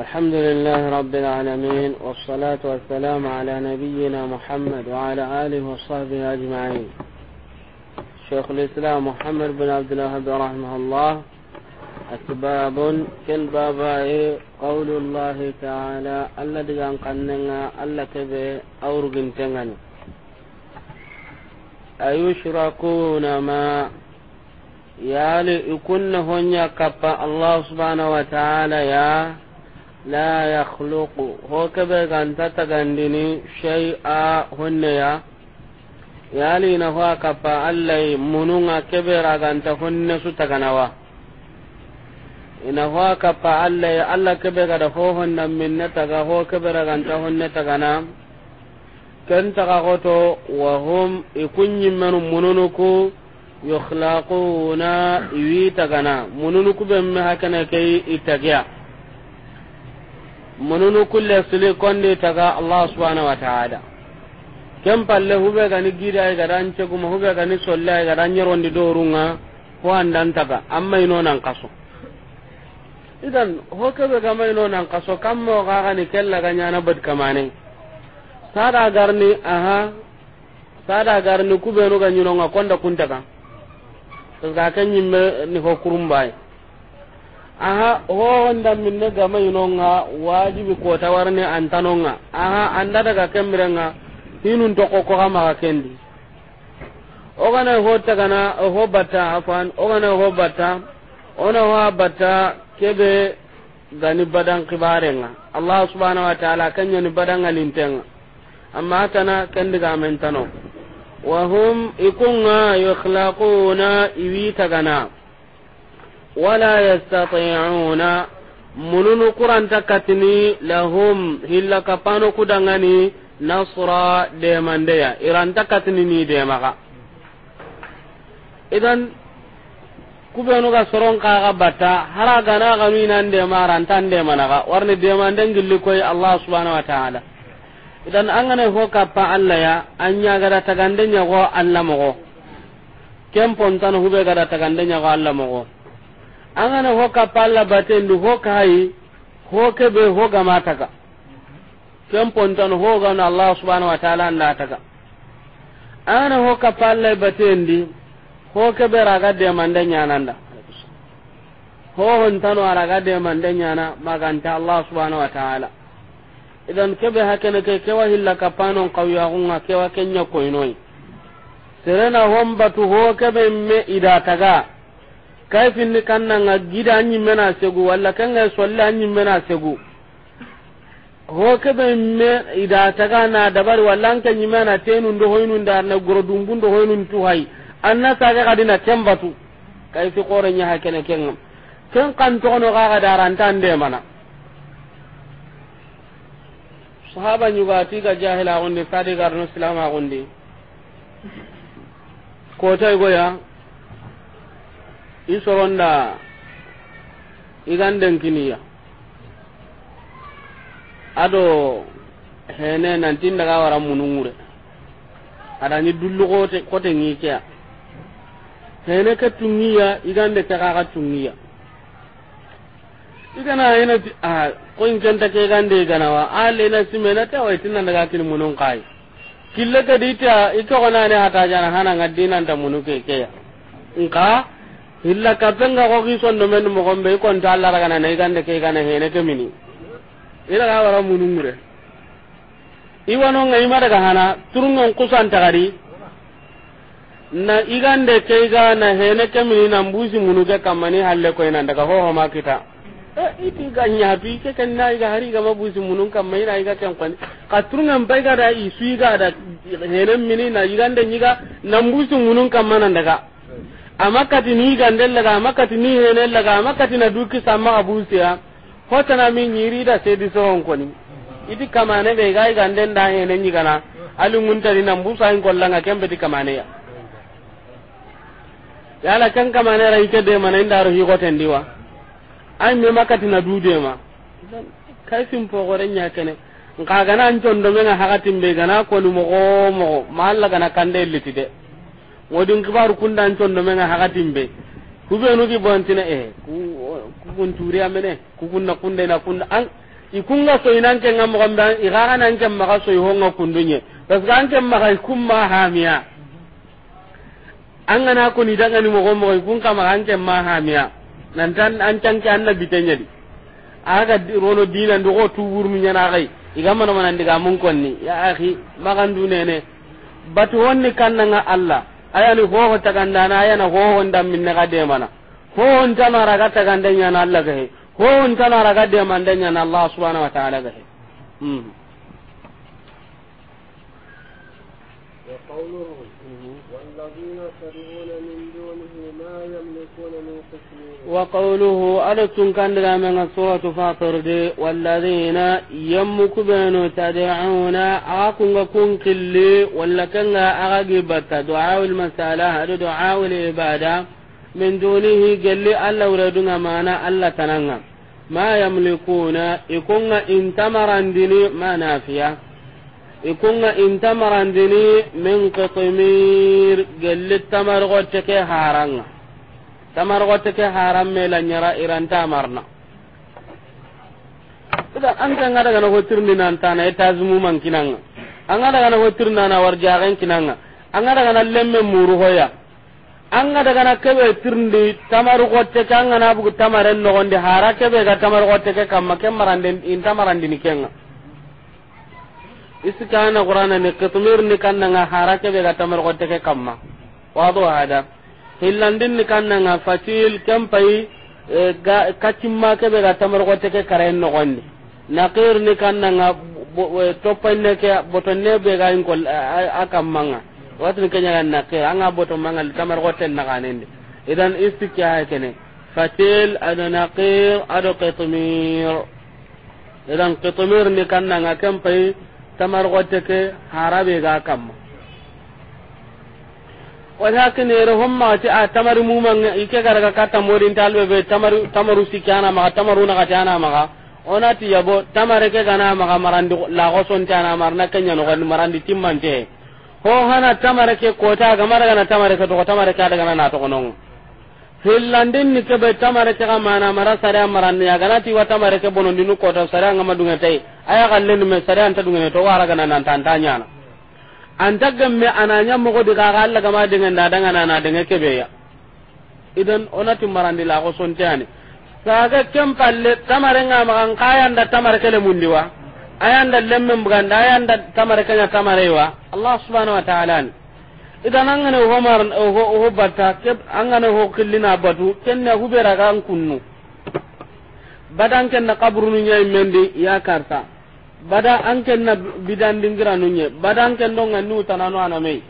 الحمد لله رب العالمين والصلاة والسلام على نبينا محمد وعلى آله وصحبه أجمعين شيخ الإسلام محمد بن عبد الوهاب رحمه الله أسباب كل بابا قول الله تعالى الذي أنقننا ألا به أو أيشركون ما يالي يكون هنيا كبا الله سبحانه وتعالى يا la yakhluqu ho kebe ganta tagandini shay'a honneya yali na ho kappa allai mununga kebe raganta honne su taganawa ina ho kappa allai alla kebe gada ho honna minne taga ho kebe raganta honne tagana ken taga goto wa hum ikunyimenu mununuku yukhlaquna iwi tagana mununuku bemme hakana kai itagya mununu kulle sili konde taga allah subhanahu wa ta'ala kem palle hube gani gida ay e gadan ceguma hube gani solle ay e gadan nyorondi dorunga ko andan taga amma ino nan kaso idan hoke be gama no nan kaso kam mo ga gani kella ga nyana bad kamane sada garni aha sada garni kubenu ga nyinonga konda kuntaga ga kan nyimme ni ho kurumbay aha ne hohonda minne nonga wajibi ko kota an tanonga aha anda daga nga hinun ko ko maga kendi ogana ho tagana ho batta afan ogana ho batta ona ho batta kebe gani badan nga allah subhanahu wa ta'ala kanya ni badan alintenga amma kana kendi ga mentano wa hum ikunga yukhlaquna iwi tagana ولا يستطيعون منون قران تكتني لهم هلا كبانو كدغني نصر ديمانديا ايران تكتني ني ديمغا اذا kubenu ga soron ka ga bata hara gana ga ni nan de maran tan de managa warni de man den gilli koy allah subhanahu wa ta'ala idan an gane ho ka pa an ya ga ta gande nya go allah mo go hube ga ta gande nya go allah mo angana hoka palla batendi hoka hayi hokebe hogamataga kempontano hogano allah subhanau wa taala andataga angana hoka palla batendi hokebe raga demande ñananda hohontano araga demande ñana maganta allah subhanau wa taala idan kebe hakeneke kewa hilla kapanon kawyagunga kewa kenya koynoyi serena hombatu hokebe me idataga ni kanna kannanga gida mena segu walla kanga solle a mena segu ho be me ida taga na dabari walla tenu ndo hoynu nda na goro hoynu tu hay anna sage ga dina batu kai fi kore ñaha kene ken ken kan daran tan de mana sahaba ñuga tiga jahilagundi ko tay go ya isoronda igandenkiniya ado hene nantin daga wara munungure adani dullu kote kote ngikea hene ka tungiya igande kaka ka tungiya igana yana ti a ko ingenta ke gande igana wa ale na simena ta wa itina daga kin munung kai kille ka dita ito kana ne hata jana hana ngadina nda munuke keya engka illa kapenga ko gison do men mo gombe ko nta Allah raga na igande ke gana hene ke mini ila ga wara munungure iwano ngai ma daga hana turungon kusan tagari na igande ke na hene ke mini nan busi munuge kamani halle ko ina daga ho ho makita e iti nya bi ke kan na iga hari ga mabusi munun kam mai na iga kan kwani ka turungan bai ga da isu iga da hene mini na igande nyiga na mbusi munun kam manan daga amakati ni gande laga amakati ni hene laga amakati na duki samma abusiya na min nyirida sedi sohon koni idi kamane be gai ganden da hene mun ali muntari nan busa hin langa kembe di kamane ya yala kan kamane ra ike de mana indaro hi goten wa. ai me makati na dude ma kai sim po gore nya kene nka gana an me menga hakatin be gana ko lu mo mo ma gana kande litide wadin kibaru kundan eh, ku be no kubenugi bontina e kukun turi amene kunna kunde na kunda an ikunga so inanke nga mogambe nan ken maga so ihonga kundunye parce que ken maga ma hamia an gana ko ni daga ni mogo mogo ikun kama ken ma hamia nan tan an ken na bitenye di aga rono dinan do ko tuwur mi nyana gai igamana manan diga mun konni ya akhi magan dunene batu wonni kannga allah ayani hoho tagandana ayana hoho ndamminne ga demana hohon tanaraga taganden yana allah gahe hohon tanaraga demanden yana allah subhanau wa taala gahe mm. وقوله وقوله ألتم كان من سورة فاطر دي والذين يمك بينو تدعون أكون كون كلي ولا أغاقب أغاقبت دعاء المسألة دعاء العبادة من دونه قال ألا وردنا معنا ألا تنغى ما يملكون يكون إن ديني ما نافية يكون إن ديني من قطمير قال التمر غتك هارنغ wata ke haram la nyara iranta marna ida an kan ngada gana hotirni nan ita zumu man kinan an ngada gana hotirna na warjagen kinan an ngada na lemme muru hoya an ngada na kebe tirndi tamargote ke an na bugu tamaren gonde hara kebe ga tamargote ke kamma ke marande in tamarande ni kenga isikana qur'ana ni qitmir ni nga hara kebe ga tamargote ke kamma do hada hillandin ni kanna kannanga fatil kempai e, katimma kebe ga tamargo teke karen nogondi naqir ni kanna nga kannanga e, toppanne ke ne be ga in kol akammanga watini kenyaga naqir anga boto manga tamargo ten naganindi idan istikki ha kene fatil ado naqir ado qitmir idan qitmir ni kanna kannanga kempai tamargo teke harabe ga kamma wata kinere hommagati a tamari mumanga ike garaga katta modintalɓe ɓe tamaru tamaru sikki anamaga tamaru nagati anamaga onati yabo tamare ke gana maga marandi lago sonte ana marna kenya no gani marandi timmante ho hana tamare ke kota ga mara gana tamare ke to tamare ke daga na to kono hillandin be tamare ke ga mara sare marandi ya gana ti wa tamare ke bonon dinu kota sare ngama dunga tai aya galle ni me sare anta to wara gana nan tantanya na anta gemme ananya mogo di ga Allah gama dengan dadanga na na dengan kebe ya idan onati marandi la ko sontani saga kem palle tamare nga magan da tamare kele mundi wa ayan lemmem buganda ayanda tamare kanya tamare wa Allah subhanahu wa ta'ala idan an ho mar ho batta ke an ho killina batu tenne hubera kan kunnu badan ken na kabrunu mendi ya karta bada an bidan dingira nunye bada an ken donga nu tanano aname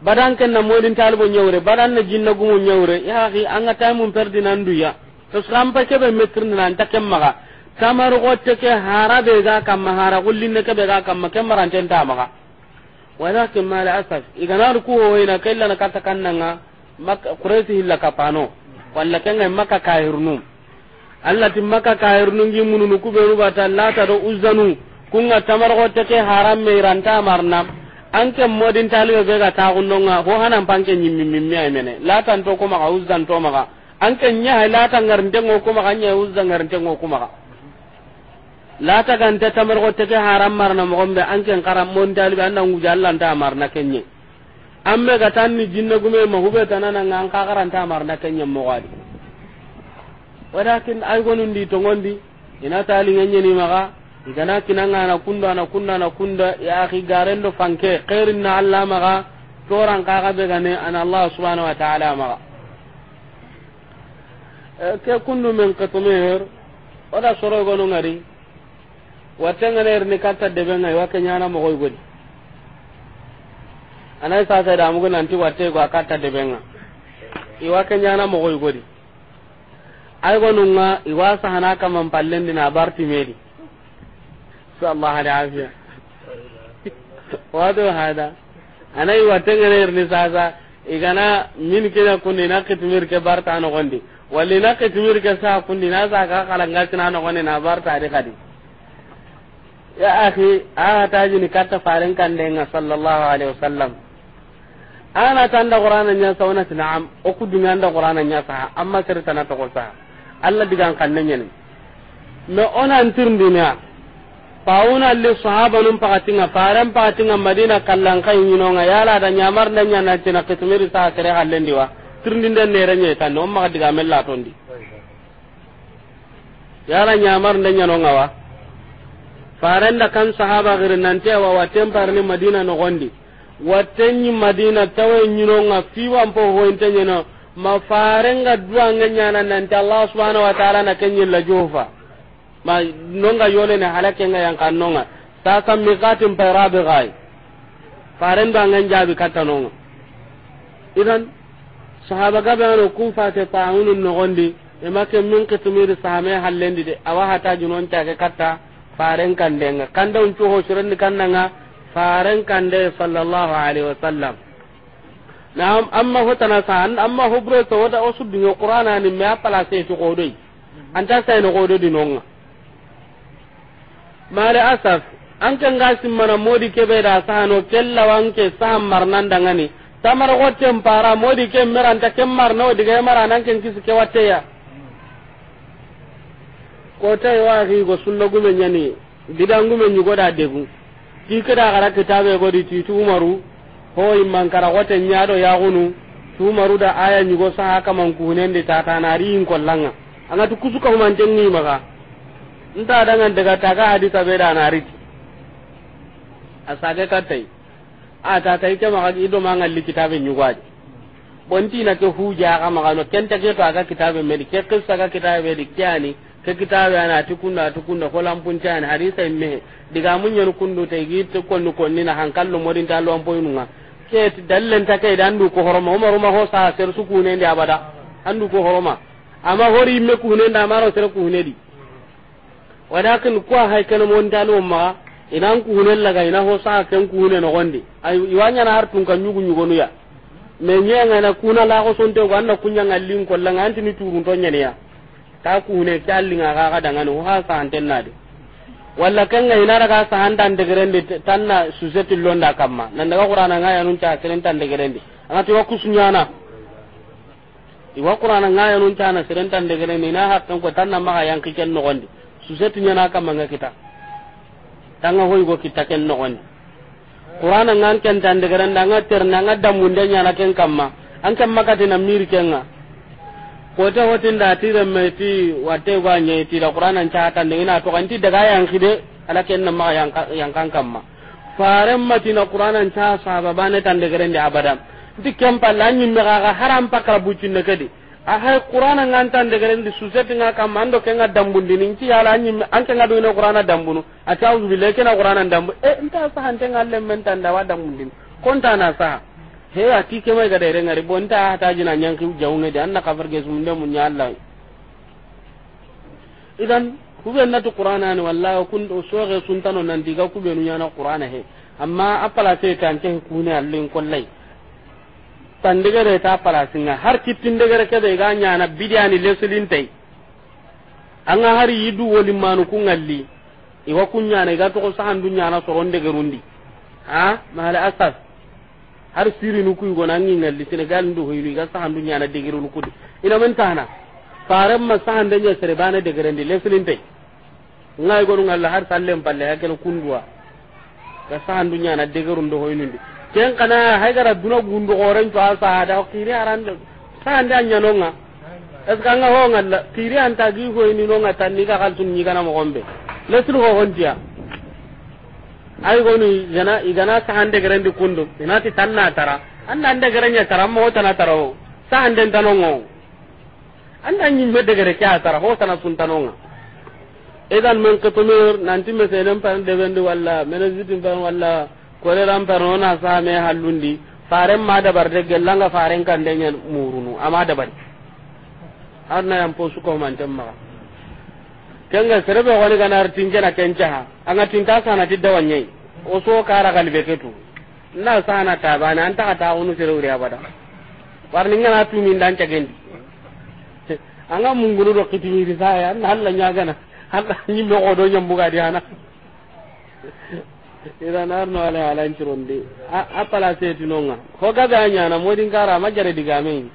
bada an kenna modin talibo nyawre bada na jinna gumu nyawre ya akhi anga taimun perdi nan duya to ke be metrin nan takem maga kamaru te ke harabe ga kullin ne ke be ga maran ten ta maga walakin ma la asaf iganar ku ina kella na katakannanga mak quraysi hilla kapano walla kenga makka kahirnum tin maka kairnungi mununu kuɓenu bata lata do uzanu kunga tamargo haram haramme ranta marna anke modin talibe be ga taxunnonga ho hanan panke mi ay mene latanto komaxa uzzanto maxa anke ñaha lata ngarintengo kumaxa ñaha uzza ngarintengo kumaxa lata gante tamargo teke haram marna moxonɓe anken xara modin talibe Allah ta marna kenye an be ga tan ni jinne gume mahuɓe tanananga an xaxaranta marna wadi walakin ay to tongondi ina ni maga igana na kunda na kunda na kunda ya akhi garendo fanke khairin na allah maga toran be gane ana allah subhanahu wa ta'ala maga eh, ke kundu min qatmir wala soro gonu ngari watengeleer ni de be ngai wake nyana goy godi anay sa da mugo nanti watte go katta de nga i wake nyana goy godi ay gonunga iwa sahana kaman pallendi na barti medi sallallahu alaihi wasallam wato hada anai watengere irni sasa igana min kina kunni na kitmir ke barta no gondi walli na kitmir ke sa kunni na sa ka kala ngati na no gondi na barta de kadi ya akhi a taji ni katta faran kan nga sallallahu alaihi wasallam ana tanda qur'ana nya sauna tinam o kudunga nda qur'ana nya sa amma sirta na to ko sa allah diga kan na ñani no ona ntirndina pauna le sahaba num pakatinga faran pakatinga madina kallan kay nga yala da nyamar na ñana tina kitmiri sa kare hallendi wa den nere ñe tan no maka diga mella tondi yala ñamar da nga wa faran da kan sahaba gir te wa watem parni madina no gondi watenyi madina tawe nga fiwa mpo hointe ñeno ma farenga duwange nyana nanti allah subhanahu wa ta'ala na kenyi la jufa ma nonga yole ne halake nga yang kanonga ta kam mi qatim parabe gai faren duwange jabi katanonga idan sahaba gabe no kun fate ta'unun no gondi e make min kitmir sahame halendi de awa hata junon ta ke katta faren kandenga kanda un cuho shirin nga faren kande sallallahu alaihi wasallam naam amma na san amma hobre to wada osu dunyo qur'ana ni me apala se to godoi anta sai no godo dinonga mare asaf an kan gasim mana modi kebe da sano kella wanke sam marnan dangani tamar gotten para modi kem meranta kem marno diga maranan ken ke watteya kotai waxi go sunna gume ñani bidangume ñugoda degu ti gara kitabe titu umaru ho hoy mankara gote nyaado yagunu tumaruda aya nyugo sa saha kaman kuhunendi tatanari in kollanga angatu kusuka humantengi maga nta dangan daga taga hadisa be da nariti asage katai a tatai ke maga ido manga likitabe nyugwaji bonti na ke huja ga maga no kenta ke ga kitabe medi ke kissa ga kitabe di kyani ke kitabe ana tukunda tukunda ko lampun tani hadisa imme diga munyar kundu te gitu konnu konni na hankallo modin talo ampoyunga ke dalilen ta kai dan andu ko horoma umaru ma ho sa ser su ku ne ndi abada andu ko horoma amma hori me ku ne nda maro ser ku ne di walakin ko hay kana mon dalu ma inan ku ne laga ina ho sa ken ku ne no gonde ay iwanya na har tun kan nyugu nyugo no ya me nyenga na kuna la ko sonte ko na kunya ngallin ko la nganti ni turun to nyene ya ta ku ne kyallinga ga ga dangano ha sa antenna de walla kenga ina daga sahanda ndegerendi tanna suzeti londa kamma nan daga qur'ana ngaya nun ta kelen tan to ku wa i iwa qur'ana ngaya nun ta na seren tan ndegerendi na hakkan ko tanna ma yang kiken no gondi suzeti nyana kamma nga kita tanga hoy go kita ken no gondi qur'ana ngan ken tan ndegerenda nga ternga nga ndenya nyana ken kamma an makati na miri kenga kote hotin da ti remme ti wa ba nye ti da qur'ana ta ta ne ina to kan ti daga yan de ala ken ma yan yan kan kamma faran mati na qur'ana ta sahaba bane tan de garen da abada ti kam palan nyi mega ga haram pakra bucin ne kadi a hay qur'ana ngan tan de garen su suset nga kam ando ken ga dambun din ti ala nyi an ken ga do ne qur'ana dambunu atau billahi ken qur'ana dambu e nta sa han ten alle da wa dambun din kon ta na sa he ati ke mai ga da renga ribo nta ta jina nyang ki jawnga de anna kafar ge sunde mun ya Allah idan kuben na to qur'ana ne wallahi kun do so sun tano nan diga kuben nya na qur'ana he amma apala se kan ke ne allin diga da ta pala singa har kittin degere ke da ga nya na bidiani lesulin tai ga har yidu woli manu ku ngalli iwa kunya ne ga to ko sa sahan dunya na soron rundi. ha mala asas har siri nu kuy gona ngi ngalli sene gal ndu hoylu ga handu nyaana degiru nu kudi ina men tana faram ma handa nya sere bana degerandi leslin tay ngai gonu ngalla har sallem balle ha kala kundwa ga sahandu nyana degeru ndu hoylu ndi ken kana hay gara duna gundu goren to asa da kiri arande nya no nga es nga ho ngalla kiri anta gi hoyni nonga ni ga ni ga kana mo gombe lesru ho hontia ay goni gana igana sa hande garandi kundu inati tanna tara anda anda garanya tara mo tana tara o sa hande tanongo anda nyimme de gare kya tara ho tana sun tanongo idan man katumir nanti meselen pan de bendi walla menazitin pan walla kore ram pan ona sa me halundi faren ma da barde gellanga faren kan de nyen murunu amada da bari arna yam posu ko man temma kenga serebe wani gana artinje na kenja ha anga tinta sana tidda wanyai oso kara galbe ketu na sana tabana anta kata unu serewri abada warni ngana tumi ndan cagendi anga munguru do kitimiri saya na halla nyagana halla nyimbe ko do nyambuga di hana ida narno ala ala ntironde a pala seti nonga ho gabe nyana modin kara majare digame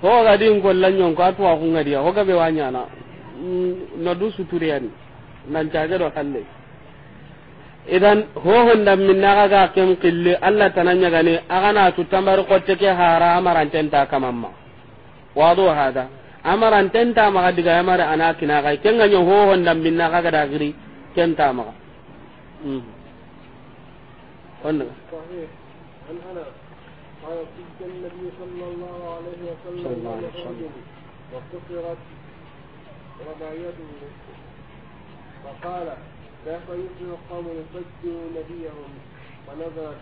ho ga din kollanyon ko atwa kunga dia ho gabe na. nodu suturiyani nan caje do halle idan hohon dan min na ga kem qille allah tananya gane na tu tambar kotte ke hara amaranten tenta kamamma wado hada tenta ma ga diga amara anakina ga ken nyo hohon dan min na ga dagiri kenta maga mm onna an ana النبي صلى الله عليه وسلم رمى يده وقال كيف يفلح القوم يصدقوا نبيهم ونظرت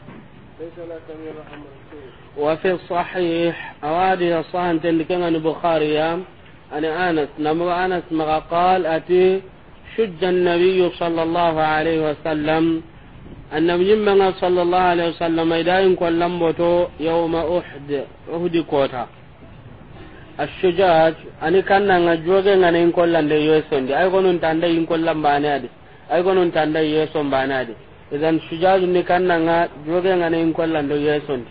وفي الصحيح أوادي الصحن اللي عن البخاري أنا أنس نمر أنس ما قال أتي شج النبي صلى الله عليه وسلم أن من صلى الله عليه وسلم إذا إن كل يوم أحد أحد كوتا ashujaj ani kanna nga joge nga nin yeso ndi ay gonun tanda yin kollan bane adi ay gonun tanda yeso bana adi idan shujaj ni kanna nga joge nga nin yeso ndi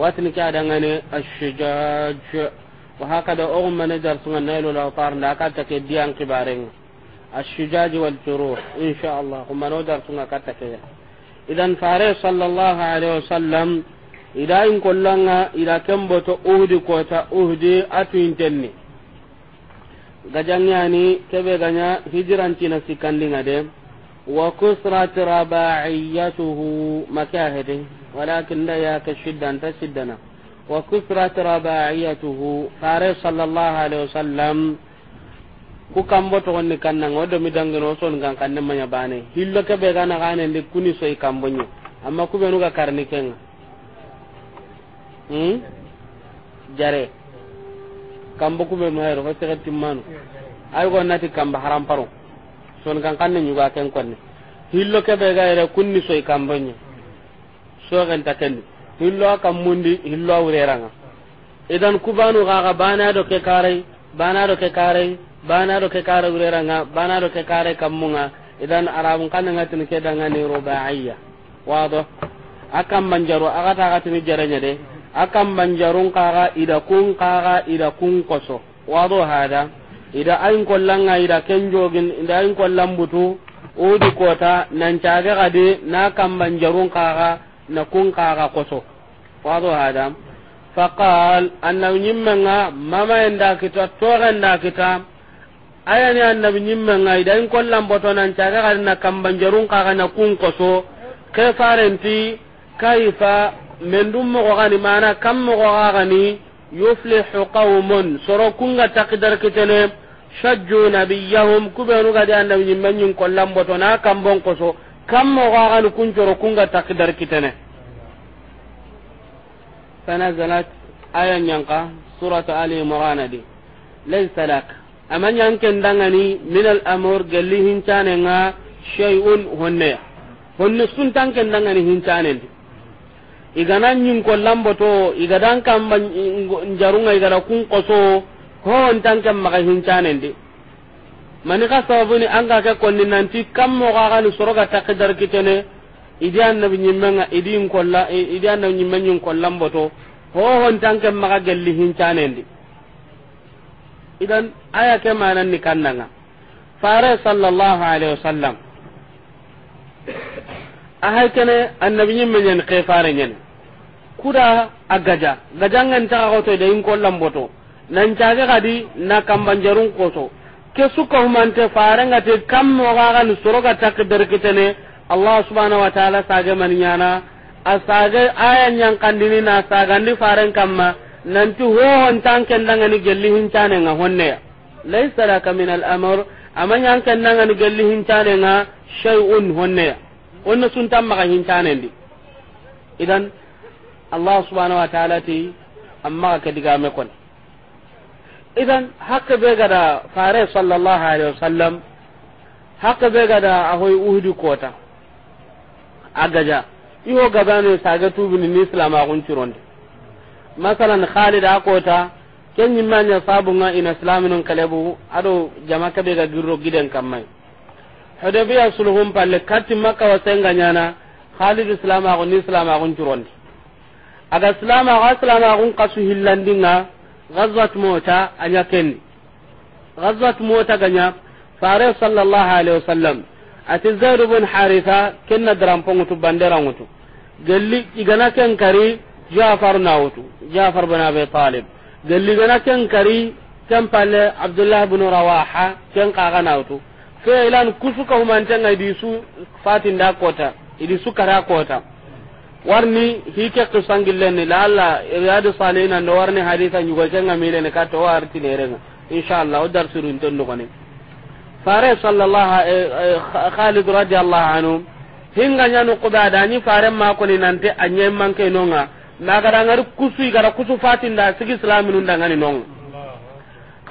watni ka danga ngane ashujaj wa hakada ogum mane sunan sunga nailu la par nda ka ta ke diyan kibareng ashujaj wal jurur insha Allah kuma no dar sunga ka ta ke idan fare sallallahu alaihi wasallam ida in kollanga ida kemboto uhdi kota uhdi atu intenni gajangani kebe ganya hijirantina sikkandinga de wa kusrat rabaiyatuhu makahede walakin da yaka shiddanta siddana wa kusrat rabaiyatuhu fare sallallahu alaihi wasallam ku kambo togonni kannanga wo domi dangino soni gan kanne manya bane hillo kebe gana ganendi kuni soyi kambonye amma kubenuga karni kenga Hmm? jare kambo kuɓe nu hayro ho sege timmanu ay go nati kamba haram paro son kan kan nyu ga ken konne hillo ke be gaire kunni soy so gan ta ken hillo kam mundi hillo awureranga idan kubanu ga ga bana do ke kare bana do ke kare bana do ke kara wureranga do ke kare kamunga idan arabu kan arabun ke dangani rubaiya wado akam kamman agata agatini jarenya de akan banjarun kaga ida kun kaga ida kun koso wado hada ida ayin kollanga ida jogin ida ayin kollan butu udi kota nan caga gade na kan banjarun kaga na kun kaga koso wado hada faqal annabi nyimmenga mama enda kita to enda kita ayani annabi nyimmenga ida ayin kollan boto nan caga gade na kan banjarun kaga na kun koso kefarenti kaifa men dum mogo gani mana kam mogo gani yuflihu qaumun soro kunga takidar kitene shajju nabiyahum kubenu gadi anda nyimmen nyun kollam botona kam bon koso kam mogo gani kun soro kunga kitene فنزلت آية ينقى سورة آل عمران دي ليس لك أما ينكن من هن سنتان هنتانين igana ñin ko lamboto igadan kamba njarunga igada kun koso hoontanke maga hincanendi mani ka sababuni an ga ke konni nanti kam moga gani soroga taki dar kitene idi annabi ñimmenga idi nkolla idi annabi ñimme ñin ko lamboto hohontanke maga gelli hincanendi idan aya ke mananni kannanga fare sallallahu alaihi wasallam ahay kene annabi ñimme ñen ke fare ñene kuda gaja gajangan ta ko to de in kollam boto nan ka kadi na kambanjarun koso ke suka humante ta te kam mo ga ni ka takdir ne allah subhanahu wa ta'ala sage man nyana asage aya nyang kandini na sagandi faren kamma tu ho hon tanken danga ni gelli ne nga honne laysa laka min al amr kan anken danga ni gelli ne nga shay'un honne onna sun tamma hincane ndi idan allah subhanahu wa ta'ala ti amma ka diga me kon idan hakka be gada fare sallallahu alaihi wasallam hakka be gada ahoy uhudi kota agaja iho ne saga tubu ni islam a kun cironde masalan khalid a kota ken nyimanya sabunga ina islamin kalebu ado jama ka be ga girro giden kamai hudabiya sulhum palle katti makka wasenganyana khalid islam a kun islam a kun cironde aga silama aga silama gun kasu hillandinga ghazwat mota anya ken ghazwat mota ganya fare sallallahu alaihi wasallam ati zaid ibn haritha kenna dram pongutu bandera ngutu gelli igana ken kari jafar nawutu jafar bin abi talib gelli gana ken kari ken pale abdullah ibn rawaha ken kaga nawutu fe ilan kusuka humantenga idi fatin da kota idi kara kota warni hikeku sangillenni lalla riyadu salihina ndo warni haditha ñugocenga milene katto o artinerenga inchallah o darsirunten dogoni fare sallallah e- e- halid radiallah anu hingañanu kuɓe adañi fare makoni nante a ñem manke nonga nagaɗangari kusu gara kusu fatinda sigi slaminu ndangani nonga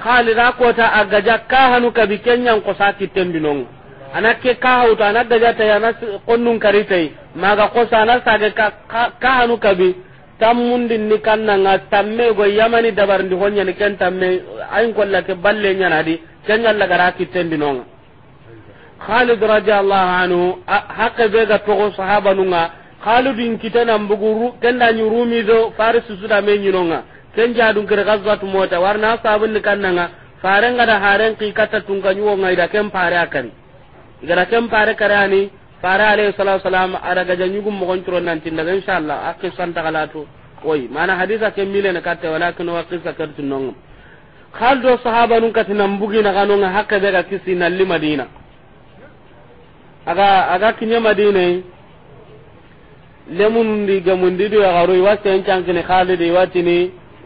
halid a kota a gaja ka hanu kabi kenñang kosa kittenbi nonga ana ke ka hauta ana daga ta ana konnun yi ma ga kosa ana sage ka ka hanu kabi tammundin ni kannanga tamme go yamani dabar ndi honya ni ken tamme ayin kolla ke balle nyana di ken yalla gara kitendi nonga Khalid radiyallahu anhu hakke be ga togo sahaba nunga Khalid in kitana da kenda rumi do faris da me nyinonga ken jadun kere gazwatu mota warna sabun ni kannanga farenga da haren ki kata tunga nyuwo ngai da ken a akari igara ken pare karani fare alayhi salatu wasalam araga janyugu mogon turo nanti daga inshallah akki santa galatu oy mana hadisa ke milene katte walakin wa qissa kartu nongo khal do sahaba nun katina mbugi na kanonga hakka daga kisi li madina aga aga kinya madina lemun di gamun gamundi do garo iwaste en chankene khalidi watini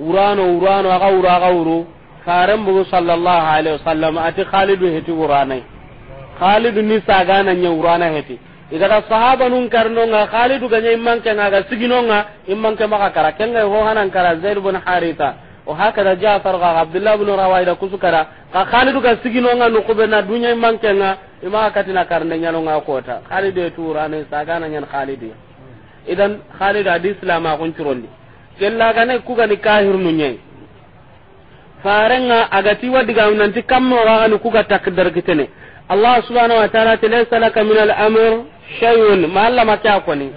urano urano aga ura aga uru faram bu sallallahu alaihi wasallam ati khalidu heti uranai khalidu ni sagana na heti igata sahaba nun Karno nga karnonga khalidu ganya immanke naga siginonga immanke maka kara nga ho hanan kara zaid ibn haritha o hakada jafar ga abdullah ibn rawaida kusukara ka khalidu ga siginonga nukube na dunya ke nga imaka katina karne nga kota khalidu eturane sagana nyan khalidu idan khalidu adi islama kun curondi kella gane kugani kahir nunyai farenga agati wadiga nanti kammo ga ni kuga takdar kitene allah subhanahu wa ta'ala laysa laka min al amr shay'un ma alla mata koni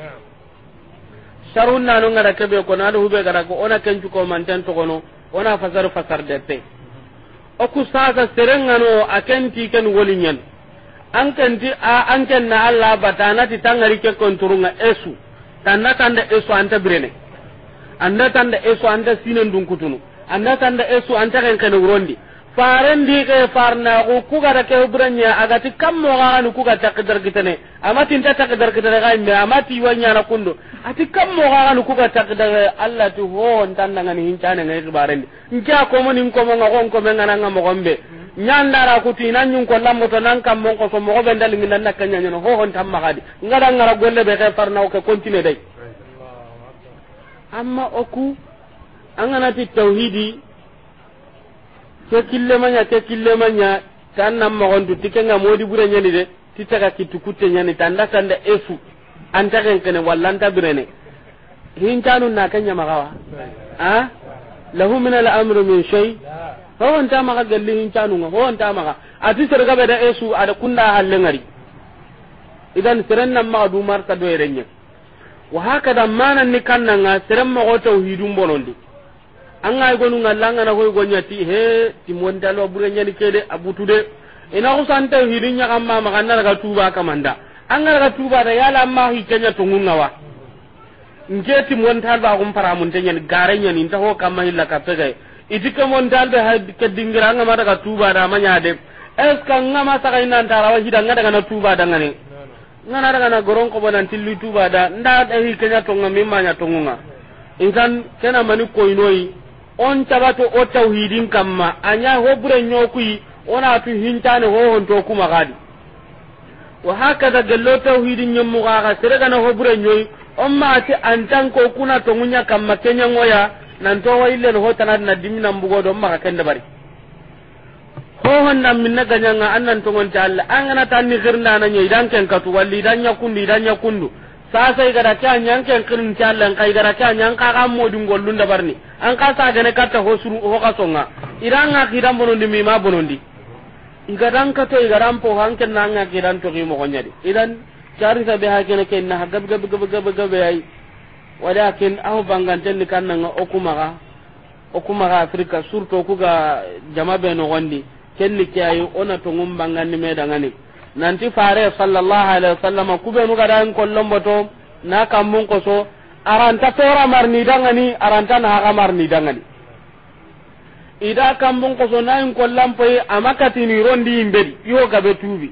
sharun nanu ngara be ko nadu hube gara ko ona kencu ko mantan to kono ona fasar fasar deppe o ku sasa ti akenti ken wolinyen an kanti a an ken na alla batana ti tangari ke konturunga esu tanda tanda esu anta birene anda tanda esu anta sinen dun kutunu anda tanda esu anta ken ken urondi farendi ke ku farnaku kugata ke buranya agati kammo gani kuga takdir kitene amati nta takdir kitene ga imme amati wanya na kundo ati kam kammo gani kuga takdir Allah tu ho ntanda ngani hincane ngai barendi nja ko mo nin ko mo ngago ko men ngana ngamo gombe nyandara ku ti nan nyun ko lammo to nan kammo ko so mo be ndal nginan nakanya nyono ho hon tamma gadi ngada ngara golle be ke farnaku ke kontine dai amma oku angana ti tauhidi ke manya ke manya tan gondu tike nga modi bure nyani de titaka kitu kutte nyani tan tanda efu anta ken kene walla ne hin tanu na nya magawa ha lahu min al amru min shay ho ta maga galli hintanu ho ta maga ati serga be da esu ada kunda halle ngari idan seren nam ma du marta do erenye wa hakada manan ni kannanga mo mago tawhidum bonondi an anga gonu ngalla ngana koy gonyati he timon lo bure nyani kede abutu de ina ko sante hidinya kamma makanna daga tuba kamanda anga daga tuba da yala amma hi kenya tungunga wa nge timon ba gum para mun tenya gare nyani ta ho kamma illa ka pege idika monda da ha kedingira dingira anga ma daga tuba da manya de eska ngama ta ina ntara wa hidanga daga na tuba daga ne ngana daga na goron ko bonan tilli tuba da nda da hi kenya tonga mimma nya tongunga intan kena mani koinoi on tagato o tawhidin kamma anya ho bure nyokui ona tu hintane ho hon to kuma gadi wa hakada gallo tawhidin nyammu gaga serega na ho bure nyoy amma ati antan ko kuna to munya kamma kenya ngoya nan to wa ille ho tanad na dimina mbugo do maka da bari ho hon nan na ganyanga annan to ngonta Allah an gana tan ni girna na nyi dan ken katu walli dan yakundu dan kundu. sasa igara ta nyan ken kirin challan kai igara ta nyan ka ga modun gollun da barni an ka sa gane ta ho suru ho ka songa iranga kidan bonondi mi ma bonondi igadan ka to igaran po han ken nan nanga kidan to ki mo gonyadi idan cari sa be ha ken na gab gab gab gab gab ay walakin aw banganten ni o kuma ga afrika surto ku ga jama be no gondi ni kayi ona to ngum bangan ni bangandi medangani nanti fare sallallahu alaihi wasallam kubenu gadan kollon boto na kambun so aranta tora marni dangani aranta na haga marni dangani ida kambun so na in kollan pay amakati ni rondi imbe yo gabe tubi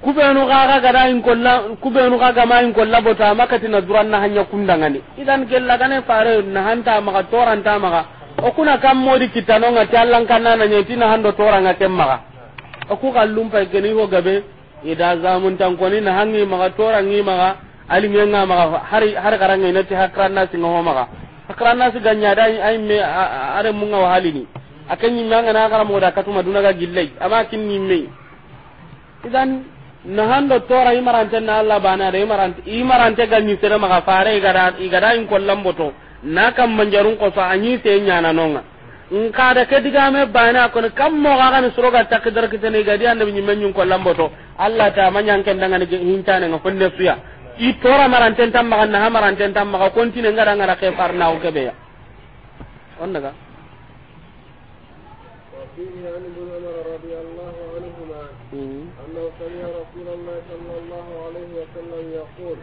kubenu ga gada in kollan kubenu ga ma in kollan boto amakati na duran na hanya kundangani idan gella gane fare na hanta maka toranta maka okuna kam modi kitanonga tallan kanana nyetina hando toranga kemma aku kallum pai gani ho gabe ida zamun tan koni na hangi maga tora ngi maga ali mi nga maga hari har karanga nati hakran na nga ho maga hakran na singa nyada ai me are mun wahali ni akan nyi manga na kara moda katuma dunaga gillai ama kin ni me idan na hando tora marante na Allah bana da imarante ga ni sere maga fare ga da in boto na kam manjarun ko sa anyi te nyana nonga da ke diga me bana ne kam mo ga kan suro ga ke ne ga diande mi men nyun ko lamboto allah ta manyan yanke danga ne hintane ngako ne suya i tora ten tam maran na ten tam maga kontine ngara ngara ke farna o kebe ya on daga أنه سمع رسول الله صلى الله عليه وسلم يقول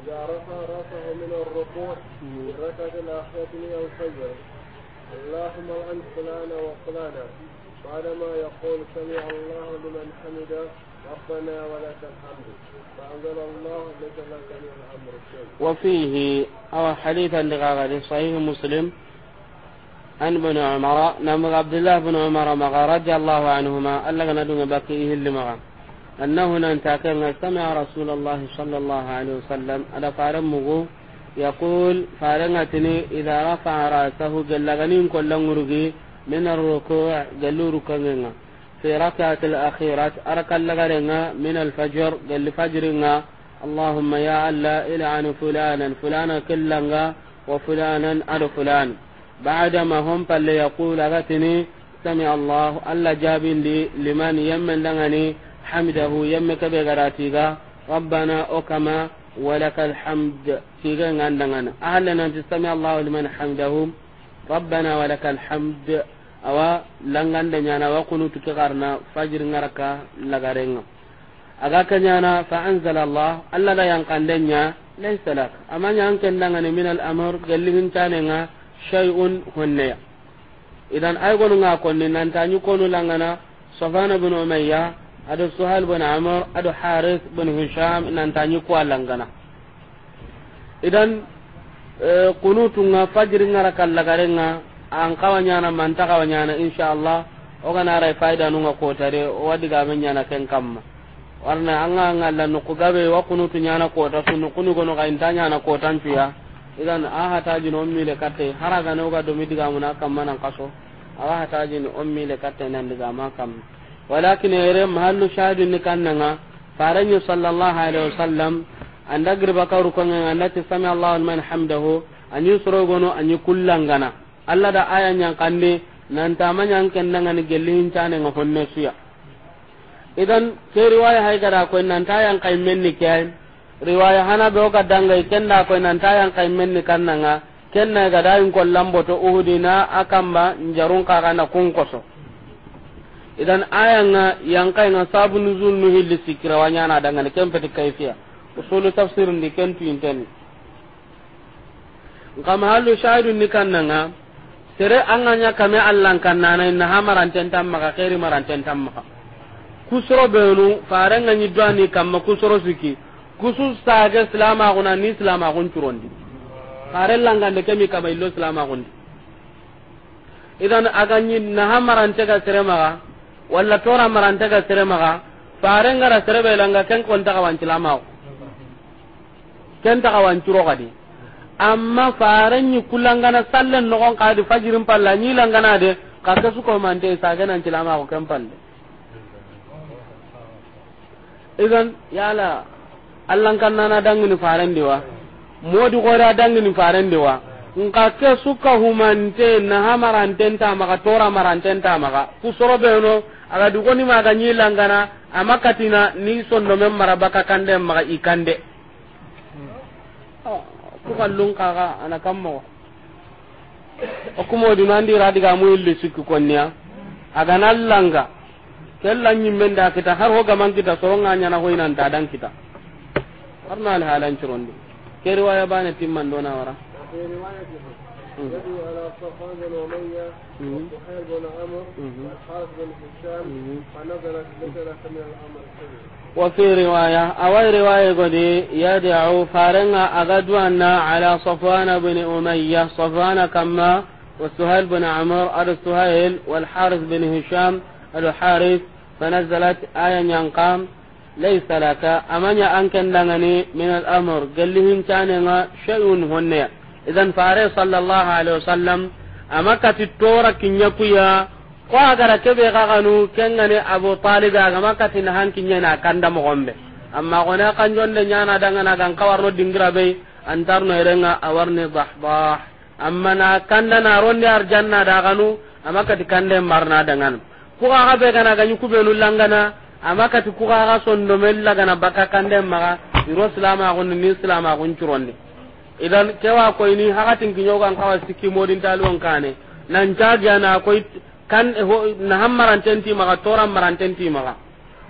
إذا رفع رأسه من الركوع في الركعة الأخيرة اللهم وأنت فلانا وفلانا بعدما يقول سمع الله لمن حمده ربنا ولك الحمد فأنزل الله لك سميع الأمر وفيه أو حديثا لغاغة صحيح مسلم عن بن عمر نعم عبد الله بن عمر مغا رضي الله عنهما ألا ندون بقيه اللي أنه أنه ننتاكرنا سمع رسول الله صلى الله عليه وسلم على فارمه يقول فارنتني إذا رفع رأسه جلغنين كل مرغي من الركوع جل ركننا في ركعة الأخيرة أرك لغرنا من الفجر جل فجرنا اللهم يا الله إلعن فلانا فلانا كلنا وفلانا على فلان بعدما هم فلي يقول أغتني سمع الله ألا جابين لي لمن يمن لغني حمده يمك بغراتيغا ربنا أكما ولك الحمد في تيغن عندنا أهلا أنت سمع الله لمن حمدهم ربنا ولك الحمد أو لنغن دنيانا وقنو تكغرنا فجر نركا لغرنا أغاك نيانا فأنزل الله ألا لا ينقن دنيا ليس لك أما ينقن دنيا من الأمر قال لي من تانينا شيء هنيا إذن أيقون نغاكون ننتاني كونو لنغنا صفان بن أمية ado suhal bin amr ado harith bin hisham nan tanyi ko alangana idan e, kunutunga fajiri ngara kallagarenga an kawanyana manta insyaallah o kana rai faida nunga kotare wadiga menyana ken kamma warna anga ngalla ko gabe wa kunutu nyana kota sunu kunu gono ga intanya na tan fiya idan a hata no ummi le katte haraga no ga do mi diga mun kamma nan kaso a hata jin ummi le katte nan diga ma kamma walakin ere mahallu shahidun ni kannanga faranyu sallallahu alaihi wasallam anda girba karu konga anda ti sami allah man hamdahu anyu sorogono anyu kullangana Allah da aya nyang kande nan tamanya an kannanga ni gelin tane nga honne suya idan ke riwaya hay gara ko nan tayan kai menni kyan riwaya hana be ga danga kenna ko nan tayan kai menni kannanga kenna ga dayin ko lamboto uhudina akamba njarun ka kana kun koso idan ayanga yankai na sabu nuzul nu hilli sikira wanya na dangane kan pati kaifiya usulu tafsir ni kan tu intani ngam halu shahidu ni kannanga sere anganya kame allan kannana inna hamaran tentam maka khairi maran tentam maka kusoro benu faranga ni dwani kamma kusoro siki kusu sage islama kuna ni islama kun turondi fare langande kemi kama illo islama kun idan aganyi na hamarante ka sere maka wala tora maranta ga sere maga faren gara sere belanga ken konta kawan cilama ken ta kawan ro kadi amma faren ni na sallan no kon kadi fajirin palla ni na de ka ka su ko mande sa ga nan cilama ko kan pande idan yala allan kan nana dangini faren de wa modi gora dangini faren de wa nka ke suka humante na hamarante ta maka tora marante ta maka ku soro be no aga dugoni maga ñilangana ama katina ni sondo men marabaka kande maga i kande oh, kukallun kaga ana kammogo okumodino andira diga mu illi sikki konniya agana langa kella ñimmen da kita har hogaman kita soronga ñana hoinanta dan kita harna alhalancirondi ke riwaya bane timman dona wara يدعو على صفوان بن اميه وسهيل بن عمرو والحارث بن هشام فنزلت نزلت من الامر وفي رواية أو رواية قدي يدعو فارنا أغدوانا على صفوان بن أمية صفوان كما وسهيل بن عمر أدو سهيل والحارث بن هشام الحارث فنزلت آية ينقام ليس لك أمن أنك لغني من الأمر قال لهم كان شيء هنيه idan fare sallallahu alaihi wasallam amaka amakati tora kuya ko agara ke be gaganu kengane abu talib aga makati na kinya na kanda mo gombe amma gona kan jonde nyana danga na gan kawarno dingira be antar no erenga awarne bahbah amma na kanda na ronde arjanna daganu amakati kande marna dangan ko aga be kana ganyu kubenu langana amakati ko aga sondo mella gana baka kande maga iro salama gunni ni salama gonni idan kewa koy ni hakatin kan kawa sikki modin talon kane nan jaga na koy kan na hammaran tenti maka toran maran tenti maka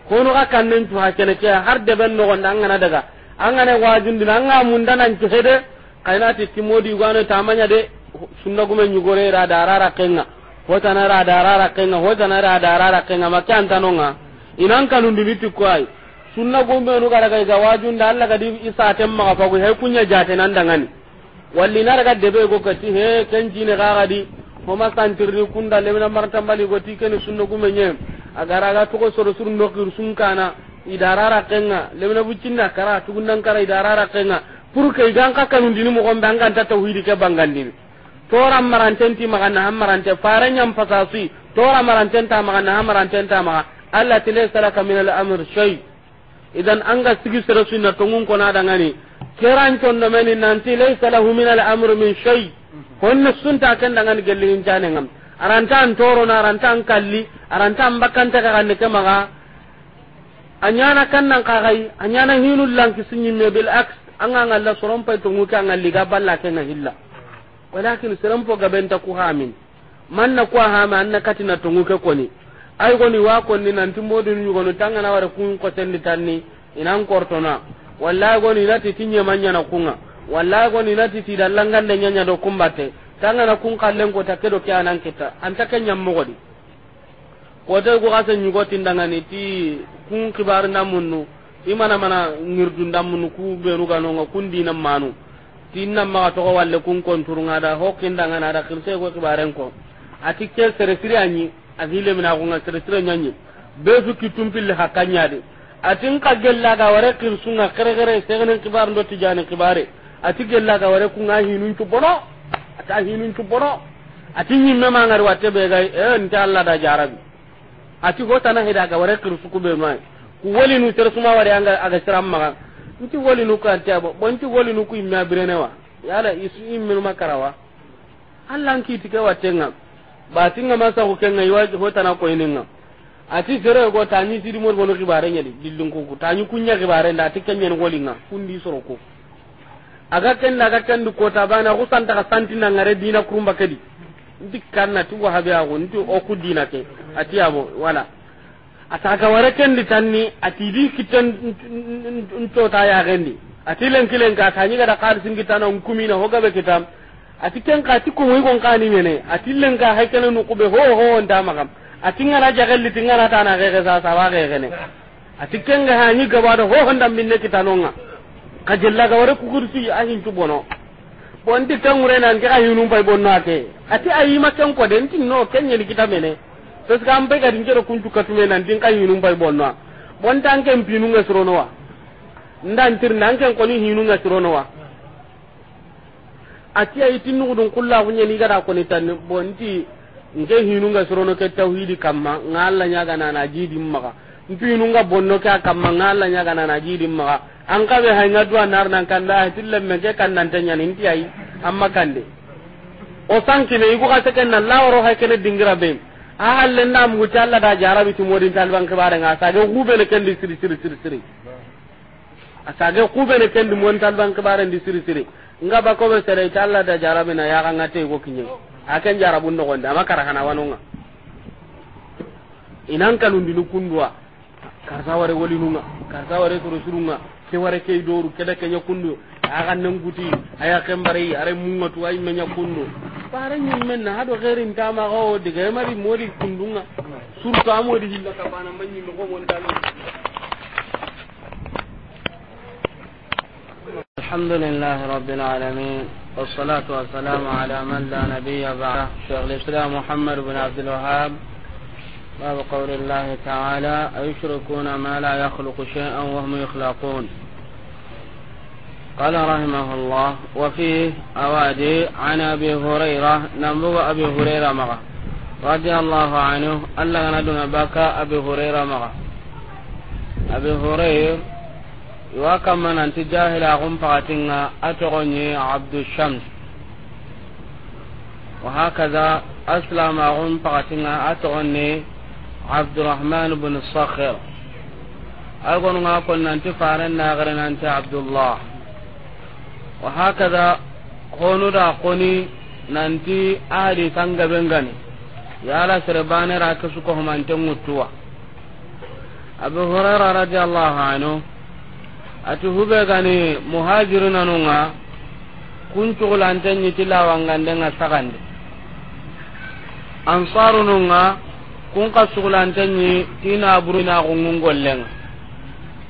kono ka kan kannen tu hakene ke har de ben no gonda ngana daga angane wajun dina anga mun nan ke hede kaina ti timodi gwano tamanya de sunna gumen nyugore ra darara kenga hota na ra darara kenga hota na ra darara kenga makan tanonga inan kanu diniti kwai sunna gombe nu gara ga da Allah ga di isaten ma fa go hay kunya jate nan dangani walli na daga debe go kati he ken jine ga ga di ho ma santirni kunda le na marta mali go ti ken sunna gombe nye agara ga to ko soro sur no kir sun kana ra kenga le na bucinna kara tugundan kara ra kenga pur ke gan ka kanu dinu mo gombe an kan ta tawhid ke bangandini tora marantenti magana hamarante faranya mpasasi tora marantenta magana hamarantenta ma Allah tilaysa laka min al-amr shay' idan an ga sigi sere sunna tongun kona dangani keran condo meni nanti laysa lahu min al amr min shay honna sunta kan dangan gellin jane ngam aranta an toro na arantan kalli arantan bakkan ta kan ne kama ga anyana kan nan ka gai anyana hinul lan ki sunni me bil aks an an Allah soron pa tongu kan ngalli ga balla na hilla walakin siran ga benta ku hamin man na ku hama an na katina tongu ke koni ay goni wa konni nanti modun yugonu tangana wara kun kotendi tanni inan na wallahi goni lati tinye na kunga wallahi goni lati ti de nyanya do kumbate tangana kun kallen ko takedo nan kita ta kanyam mogodi kote ko kase nyugoti ni ti kun kibar munnu imana mana ngirdu ndamunu ku beru nga kundi na manu tinna ma to walle kun konturunga da hokkinda ngana da kirse ko kibaren ko atikke sere sire anyi ahile mina ko ngal tere nyanyi besu kitum pille hakanya de atin ka gella ga ware kin sunga kare kare segenen kibar ndo tijane kibare ati gella ga ware ngahi nun tu bono ata nun tu bono ati himme mema ngar watte be ga e nta alla da jarabi ati hota na heda ga wore kin suku be mai ku wali nu tere suma wore anga aga siram ma nti wali nu kan tabo ti wali nu ku imma birenewa wa yala isu imme makarawa allan kiti ke watte ngam ba batinga masa ko kenga iwa hota na ko ininga ati sere go tani sidi mor ki bare nyali dillun ko ko tani kunya bare nda tikkan nyen golinga kundi soro ko aga ken daga ken du ko ta bana ko santa ka santi na ngare dina kurumba kadi ndi kanna tu habi ago ndi o ku dina ke ati abo wala ata wara ken di tanni ati di kitan nto ta ya gendi ati len kilen ka tani ga da qarsin kitana on kumina ho be kitam ati ken ka ti ko gon kani mene ati len ka kenu nu be ho ho nda magam ati ngara jagalli ti ngara ta na gege sa wa gege ne ati ken ga ga ba do ho honda minne kitanonga ka jella ga wore a hin tu bono ti tan ngure nan ke ahin num bon na ke ati ayi ma ken ko den tin no ken yeli kita mene to ska am be ga din jero kuntu katume nan din kan hinum bon na bon tan ken pinu no wa ndan tir nan ken ko ni hinu no wa ati ayi ti nugudun kullahuñeni igata koni tanni bo nti nke hinunga sorono ke tawhidi kamma nga alla ñaganana jidin maga ntu hinunga bonno ke a kamma nga alla ñaganana jidin maga an kaɓe hay nga duwa narnan kanda ti lemme ke kannante ñani nti ayi amma kande o sankine iguga seke na laworo hay kene dingira ɓe a hallenda muguti alla da jarabiti modin taliban kibare nga sage xuɓene kendi siri siri siri a sage xuɓene kendi modin taliban kibare ndi siri siri nga ba be sere ta Allah da jarabe na ya kanga te go kinye akan jarabun ndo gonda kara kana wanunga inan kalun dinu kundwa karsa ware nunga karsa ware to surunga ke ware ke doru keda kenya kundu aga nan guti aya mbari are munga tu ay menya kundu pare nyin men na hado e ta ma go de mari modi kundunga surta di hilla ka bana nyi mo go mon dalu الحمد لله رب العالمين والصلاة والسلام على من لا نبي بعده شيخ الإسلام محمد بن عبد الوهاب باب قول الله تعالى أيشركون ما لا يخلق شيئا وهم يخلقون قال رحمه الله وفيه أوادي عن أبي هريرة نمبغ أبي هريرة مغا رضي الله عنه ألا ندن بكى أبي هريرة مغا أبي هريرة iwa kamma nanti jahila kun a atogonye abdushams وهكذا أسلم أغن فقتنا أتغني عبد الرحمن بن الصخر أغن أقول أنت فارنا غرنا أنت عبد الله وهكذا قولوا راقوني nanti ali tanga bengani yala sirbane ra kasuko hum antum mutuwa abu hurairah radhiyallahu anhu ati hube gani muhajiruna nunga kuncuglante ñiti lawangandenga sagandi ansaru nunga kun ka suglante ñi tina burina kungun gollenga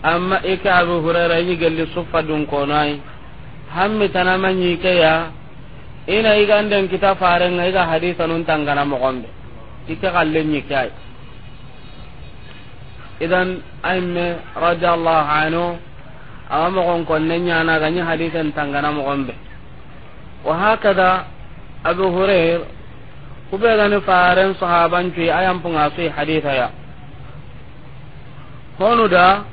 amma ike abu hurera ñi gelli suffa dunkonoayi hammi tanama ñikeya ina iganden kita farenga iga hadisa nun tangana mogonɓe ike galle ñike ay idan ayme radiallahu anhu awa mogon konne ñana ganyi hadisen tangana mogon be wa hakada abu hurair kubegani faren sahabancuyi ayampunga ya hadisaya da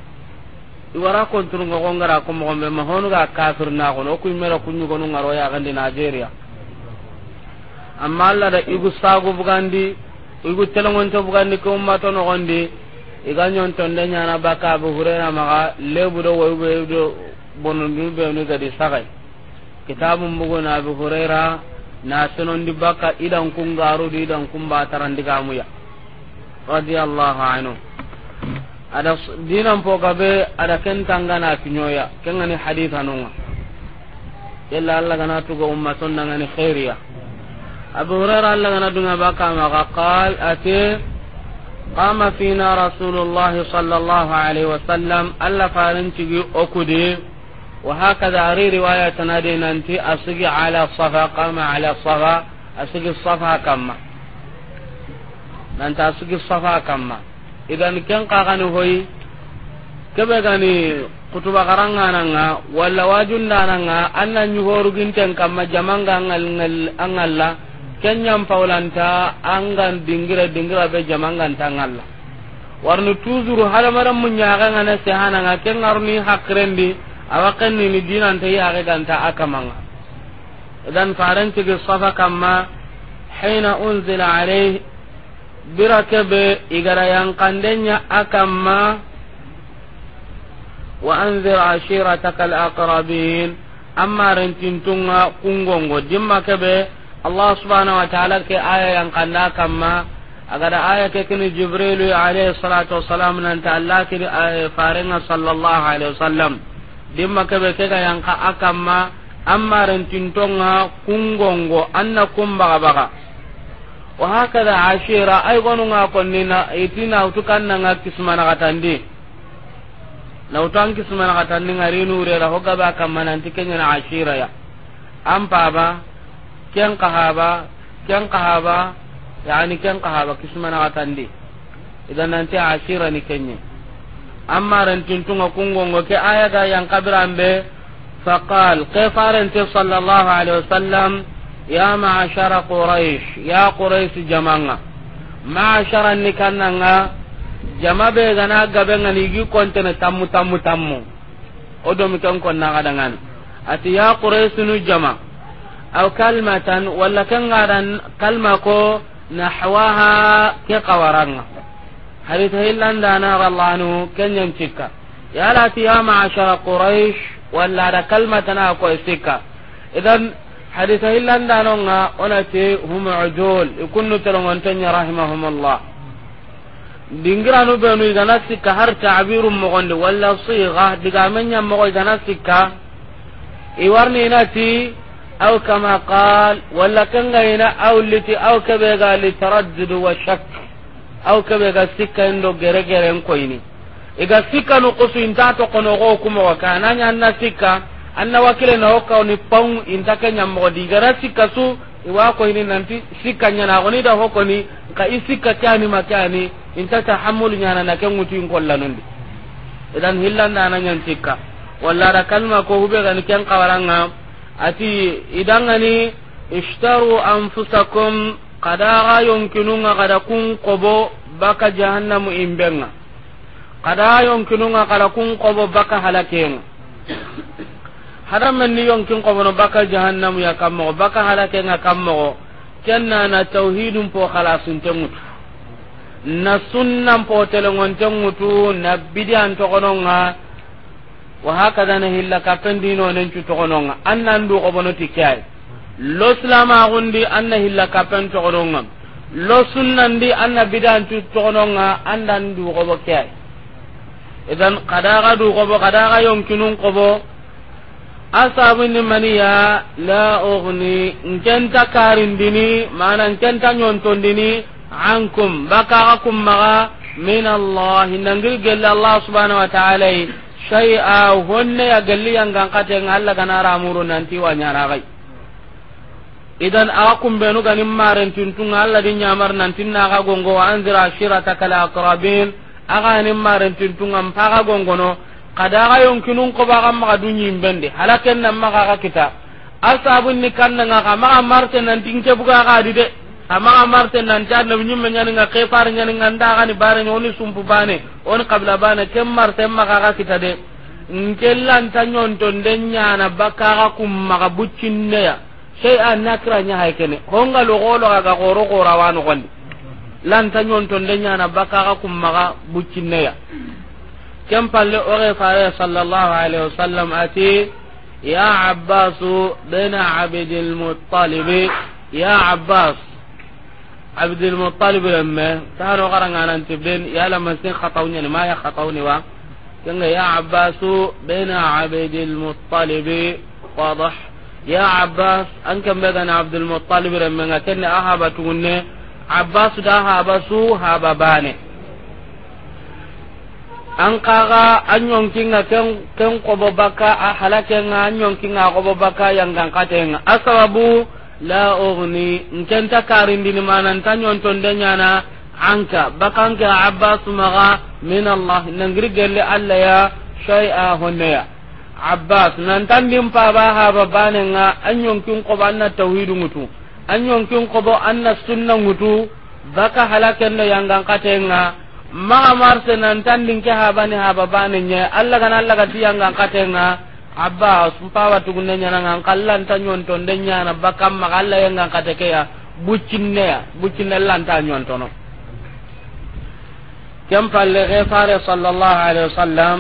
iwara konturunga gara ko mogon be ma honuga kafir nagono okuimera gonu ngaro ya yagandi nigeria amma alla da igu sagu bugandi igu telongon to bugandi ko ummato no nogondi iga ton de nyana baka abu hurera maga lebu do wayu be do bonundu be no gadi sagai kitabu mbugo na abu hurera na sunon di baka idan kun garu di idan kun ba taran diga muya radiyallahu anhu ada dinan po gabe ada kentanga na kinyoya ngani hadith anunga illa Allah gana go umma sonna ngani khairiya abu hurera Allah gana dunga baka maga qal ate قام فينا رسول الله صلى الله عليه وسلم ألا فارنتي أكدي وهكذا أري رواية نادينا أنت أسقي على الصفا قام على الصفا أسقي الصفا كما أنت أسقي الصفا كما إذا كان قاغن هوي كبه غني كتب غران karanga ولا واجن wajunda nanga anna nyuhoru ginten kamma jamanga angal angalla kenyam paulanta angan dingira dingira be jamangan tangalla warnu tuzuru halamaran mun ngana sehana ngake ngarni hakrendi awakan ni ni dinan tayi age ganta akamanga dan faran tege safa kamma hina unzila alayhi birakabe igara yang kandenya akamma wa anzir ashiratakal aqrabin amma rentintunga kungongo dimma kebe allah subhanahu wa ta'ala ke aya yang kamma agada aya ke kini jibrilu alayhi salatu wassalam nan ta allah ke farenga sallallahu alaihi wasallam dimma ke ke ga ka akamma amma rentintonga kungongo anna kumbaga baga wa hakada ashira ay gonunga konnina itina utukanna nga kismana katandi na kismana katandi ngari nure ra hoga ba kamana na ashira ya ken kahaba ken kahaba yani ken kahaba kismana atandi idan nanti ashira ni kenye amma ran tuntunga kungongo ke aya ga yang kabrambe faqal qifaran ti sallallahu alaihi wasallam ya ma'ashara quraish ya quraish jamanga ma'ashara ni kananga jama be gana gabe ngani gi kontene tammu tammu tammu odo mi kan konna kadangan ati ya quraish nu jama' aw kalmatan wala kan kalma ko nahwaha ke qawaranga hadith hillanda na rallanu kenyan cikka ya lati ya ma'ashara quraish wala da kalmatana ko sikka idan hadith hillanda nonga onati hum ujul ikunnu talongontanya rahimahumullah dingiranu benu igana sikka har tabirum mogonde walla siga digamenya mogo igana sikka iwarni inati أو كما قال ولا كان غينا أو لتي أو كبيغا لتردد وشك أو كبيغا سكا اندو غيري غيري إذا سكا نقصو انتا تقنغو كما وكان أنا أنا سكا أنا وكيل نوكا ونبون انتا كان يمغدي غيرا سكا سو iwa koyni nanti sikka ñanagoni da hokoni ka i sikka kani ma kani inta tahammulu ñanana ke ŋutuin kollanundi idan hillandana ñan sikka walla ada kalma ko hube gani ken kawaranga ati idan idangani ishtaru anfusakum kadaga yonkinunga kada kun qobo baka jahannamu imbenga kada yonkinunga kada kun qobo baka halakenga ni yonkin qobono baka jahannamu ya kammogo baka halakenga kammogo kennana tawhidum po halasuntengutu na sunnan po telengontengutu na bidiantogononga wa hakada na hilla kafin dino nen cu togononga annan du ko bono tikai lo slama gundi anna hilla kapen togononga lo sunnandi anna bidan cu an annan du ko bo kai idan kadaga du ko bo kadaga yonkinun ko bo asabu ni maniya la ogni mana ankum min allah gelle allah subhanahu wa ta'ala a honne ya galli yang gangkate ngalla kana ramuru nanti nyara kai idan akum benu ganin maren tuntun Allah di nyamar nanti na ga gongo anzira shirata kala aqrabin aga ni maren tuntun am gongo gongono kada ga yonkinun ko baga ma dunyi bende halaken nan ma ga kita asabun ni kan kanna ga ma marte nanti ke buga ga di de amma amarte nan ta na nyimme nyani nga ke par nyani nga nda gani bare nyoni sumpu bane on qabla bane kem marte maka ka kita de ta nyon ton nyana baka buccinne ya nakra nya honga lo golo ga goro gondi lan ta nyon ton nyana baka buccinne ya kem palle fare sallallahu alaihi wasallam ati ya abbasu bin muttalib ya abdul muttalib lemme tano nan tibden ya la masin khatawni ma ya khatawni wa kanga ya abbasu baina abdul wadah ya abbas an kan abdul abbas da habasu hababane an kaga an yonkinga ken ken kobo baka a an yang asababu la ogni nkenta karindini mana nta ñontonde ñana anka bakanke abbas maga min allah nangiri gelle allah ya shay shay'a honneya abbas nantandin paba haba banenga an yonkin qobo anna tawhidu ngutu an yonkin qobo anna sunna ngutu baka halakendo yangan katenga maga marse nantandin ke habani haba banenye allah gana allah gati yangan katenga abba sumpawa tugunne nyana ngan kallan ta nyon ton den nyana bakam makalla yang ngan kateke ya bucinne ya bucinne lan ta kam palle ghafare sallallahu alaihi wasallam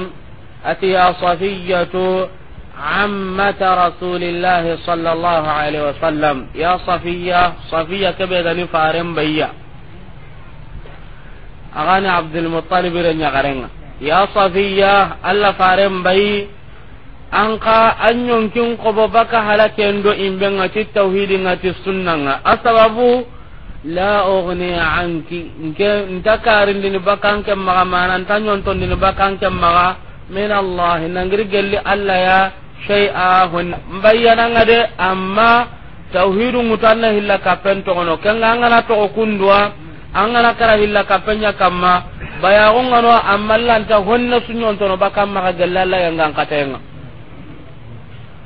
ati ya safiyatu عمة رسول الله صلى الله عليه وسلم يا صفية صفية كبيرة فارم بيا أغاني عبد المطلب رنيا غرنا ya Safiya ألا فارم بي an ka an yankin kobo baka halakken do in ben a ci tawhidi nga ci sunna nga a sababu la ogni anki nke nta karin dini baka anke maga mana nta nyonton dini baka anke maga min allah na ngir gelli alla ya shay a hun bayyana nga de amma tawhidu mutanna hilla kapen to ono kan nga ngana to kundwa an ngana kara hilla kapenya kama bayago ngano amma lanta honna sunnyonton baka maga gelli alla ya ngan katenga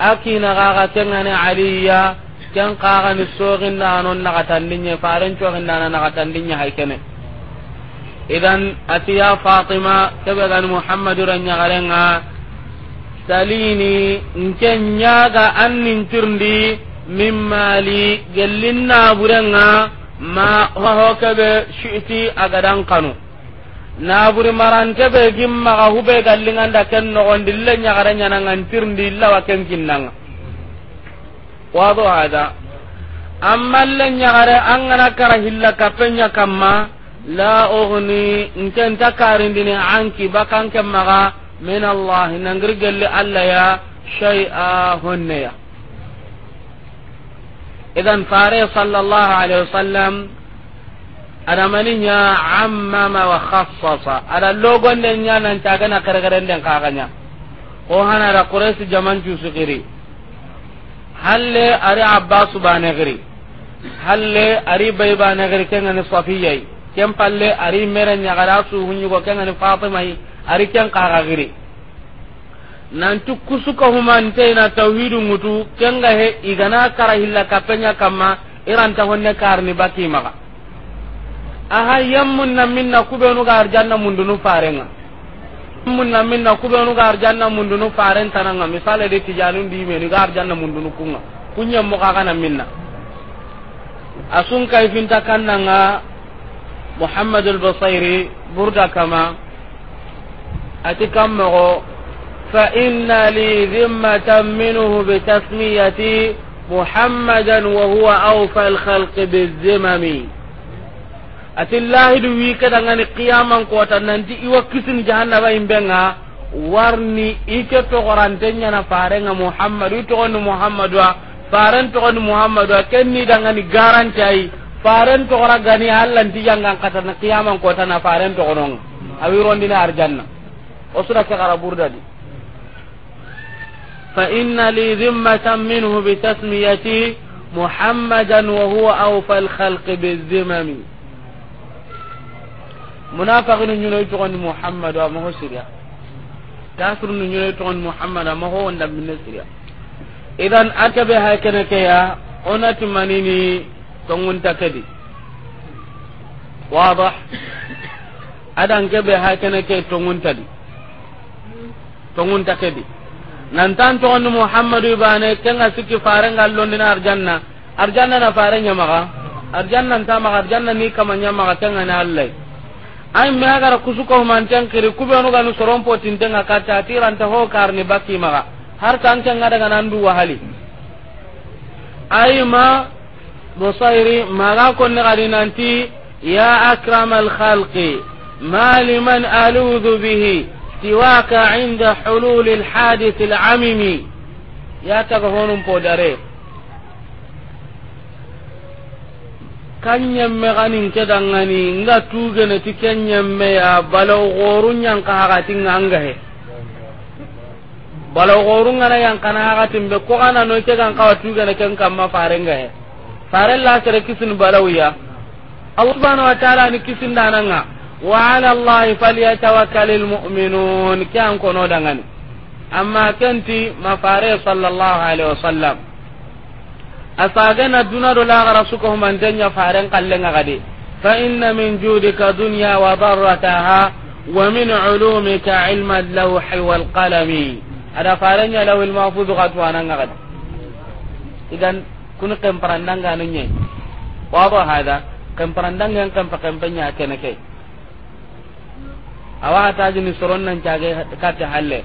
akina gaga kengane aliya ken kaga ni sogin na non na katandinye faran cogin na kene katandinye haikene idan atiya fatima tabagan muhammadu ran nyagarenga salini nken nyaga annin turndi min mali gellin naburenga ma hoho kebe shi'ti agadan kanu naburi marante be gimma ga hube gallingan da ken no on dille nyagara nyana ngantir dilla wa ken kinnanga wado hada amma le nyagare angana kara hilla kapenya kamma la ogni nten takarindini anki bakan kemaga min allah nangir gelle alla ya shay'a hunne ya idan fare sallallahu alaihi wasallam adamani mani nya ammama wa khassasa ada logon den nya nan ta gana karagaren den kaganya ko hana da quraysh jaman ju sugiri halle ari abbas bane giri halle ari bay bane giri kenga ni safiyai ken palle ari mere nya gara su hunyu ko kenga ni fatima ari ken kaga giri nan tu kusuka humante na tauhidu mutu kenga he igana karahilla kapenya kama iranta honne karni bakimaka aha yammun na minna kubenu ga arjanna mundunu farenga yammun na minna kubenu ga arjanna mundunu faren tananga misale de tijanun di meni ga arjanna mundunu kunga kunya mo kaga na minna asun kai finta kannanga muhammad al-basairi burda kama ati kammo fa inna li dhimmatan minhu bi tasmiyati محمدا وهو أوفى الخلق بالذمم ati lahidu wi kadangani qiyaman kota nanti iwa kisin jahannaba imbenga warni ike togorantenyana farenga muhammadu i togoni muhammadu a faren togoni muhammadu a kenni dangani garantayi faren togora gani hallanti yangan katana qiyaman kotana faren togononga awirondina arjanna osuna ke gara burdadi فإن لي ذمة منه بتسميتي محمدا وهو أوفى الخلق بالذمم munafiqinu ñunoy togoni muhammadu amaho siriya kafirnu muhammad togoni muhammadu amaho wondambinne siriya idan akabe hay kene ya onati manini tongunta takadi wadah adan kebe hay kene ke tongunta di tongunta kedi nantan togoni muhammad ibane kenga sikki farenga allondina arjanna arjanna na farenñamaga arjanna ntamaga arjanna ni kamanyamaga kengani allay ay me agara kusuko mantan kiri kubenu ganu sorompo tintenga kata atiranta ho karni baki maga har daga ngada ganandu wahali ay ma bosairi maga ne gadi nanti ya akramal khalki ma liman aludhu bihi siwaka inda hulul alhadith amimi ya taga honum dare. kanyemme ganin ke dangani nga ne ti kenyemme ya balaw gorun yang ka hagati nganga he balaw gorun ngana yang kana hagati be ko kana no ke gan tuge ne ken kamma nga he fare la tere kisin balaw ya Allah subhanahu wa ta'ala ni kisin dananga wa 'ala Allah falyatawakkalul mu'minun kyan kono dangani amma kenti mafare sallallahu alaihi wasallam asagana duna do lagara suko humantenya faren kallenga gade fa inna min judika dunya wa darrataha wa min ulumika ilma al lawh wal qalami ada farenya ya lawil mahfuz qatu ananga gade idan kun parandanga nunye ba hada kemparandanga kan pakempenya kenake awa ta ni soron nan jage katte halle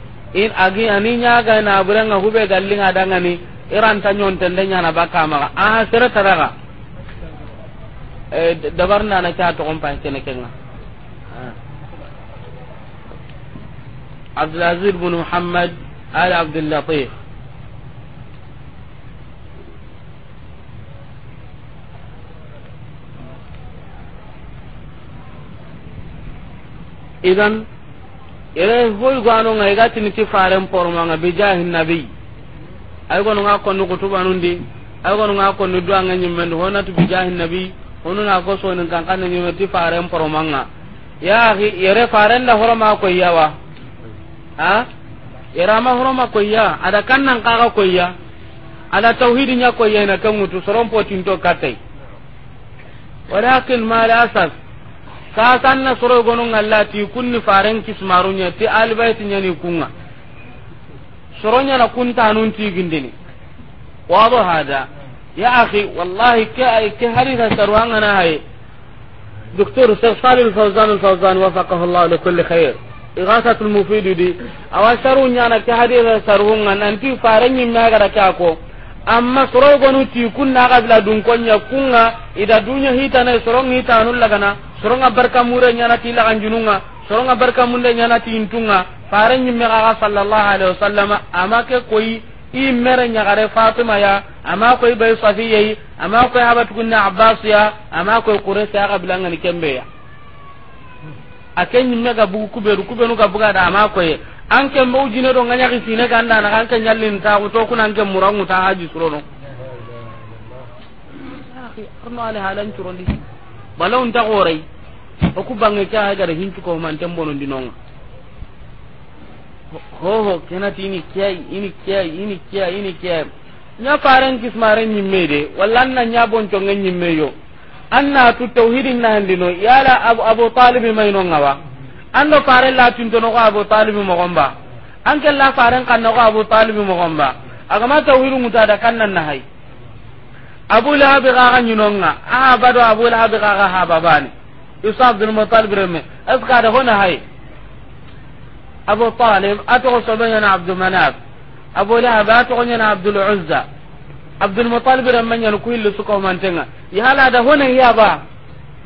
in agi ani nyaga na burenga hube gallinga dangani iran tanyon tende nyana bakama a sere taraga e dabar na eh, na ta to kompa tene kenga ah. Abdul Aziz bin Muhammad al Abdul Latif idan ere hoy gwanu ngai ni ti faren porma nga bijahin nabi ay gonu nga konno ko tubanundi ay gonu nga konno do anga nyimmen hona tu bijahin nabi honu na ko sonin kan kan nyimmen ti faren porma nga ya hi ere faren da horma ko wa ha ere ma horma ko iya ada kan nan ka ko iya ada tauhidin ya ko iya na kan mutu soron potin to katai walakin ma la asas. sasan na soro gonun Allah ti kunni faran kismarunya ti albayt nyani kunga soronya na kunta nun ti gindini wado hada ya akhi wallahi ka ay ke harita sarwanga na hay دكتور الشيخ صالح الفوزان الفوزان وفقه الله لكل خير إغاثة المفيد دي أو شرون يانا كهدي سرهون أنتي فارني ما غدا كاكو amma sorogonu ti kunna kabila dunkonya kunga ida dunya hitana sorong hitanu lagana soronga barka mure nyana ti lagan jununga soronga barka munde nyana ti intunga fare nyimme kaga sallallahu alaihi wasallam ke koi i mere nyagare fatima ya ama koi bay safiye yi ama koi habat kunna abbas ya ama koi quraysh ya kabila ngani kembe ya akenyimme ga bugu kuberu kubenu ga buga da ama koi anke mo jine do nganya ki sine ganda na ke nyallin ta ko to kuna ke murangu ta haji no akhi arno ale halan di balon ta gorai o ku bange ka ga re hintu ko man tan bonon non ho ho kena tini kiyai ini kiyai ini kiyai ini kiyai nya faran mare ni de wallan na nya to ngi nyimme yo anna tu tauhidin na handino yala abu abu talib mai non ngawa ando faren la tunto ko abu talib mo gomba an la faren kan ko abu talib mo gomba agama tawiru muta da kannan na hay abu lahab ga ga nyinonga a do abu lahab ga ga hababani usab bin mutalib reme ka da hona hay abu talib ato sobanya na abdul manaf abu lahab ato nya na abdul uzza abdul mutalib reme nya ku illu suko mantenga ya hala da hona ya ba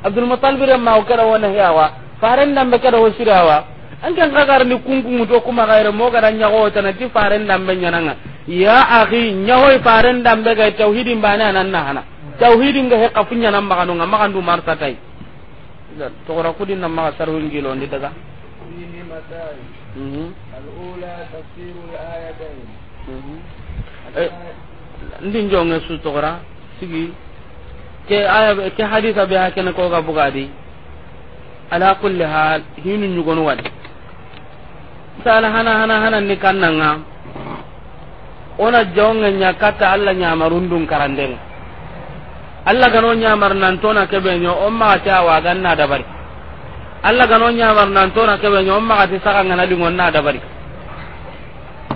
abdul mutalib reme ma ukara hona ya wa faren dambe kada ho sirawa an kan kakar ni kungungu to kuma gaire mo gara nyago na ti faren dambe nyananga ya akhi nyaho faren dambe ga tauhidin na nan na hana tauhidin ga heka nya nan magano ngam magandu marta tai to gora kudin nan maga sarwin gilo ni daga الأولى تفسير الآيتين ndin jonge su togora sigi ke aya ke hadisa be hakene ko ga bugadi ala kulli hal hinu nyugonu wadi sala hana hana hana ni kannanga ona jonga nya kata alla nya marundun karanden alla gano nya mar nan tona kebe nyo umma ta wa ganna dabari alla gano nya mar nan tona kebe nyo umma ta saka ngana lingon na dabari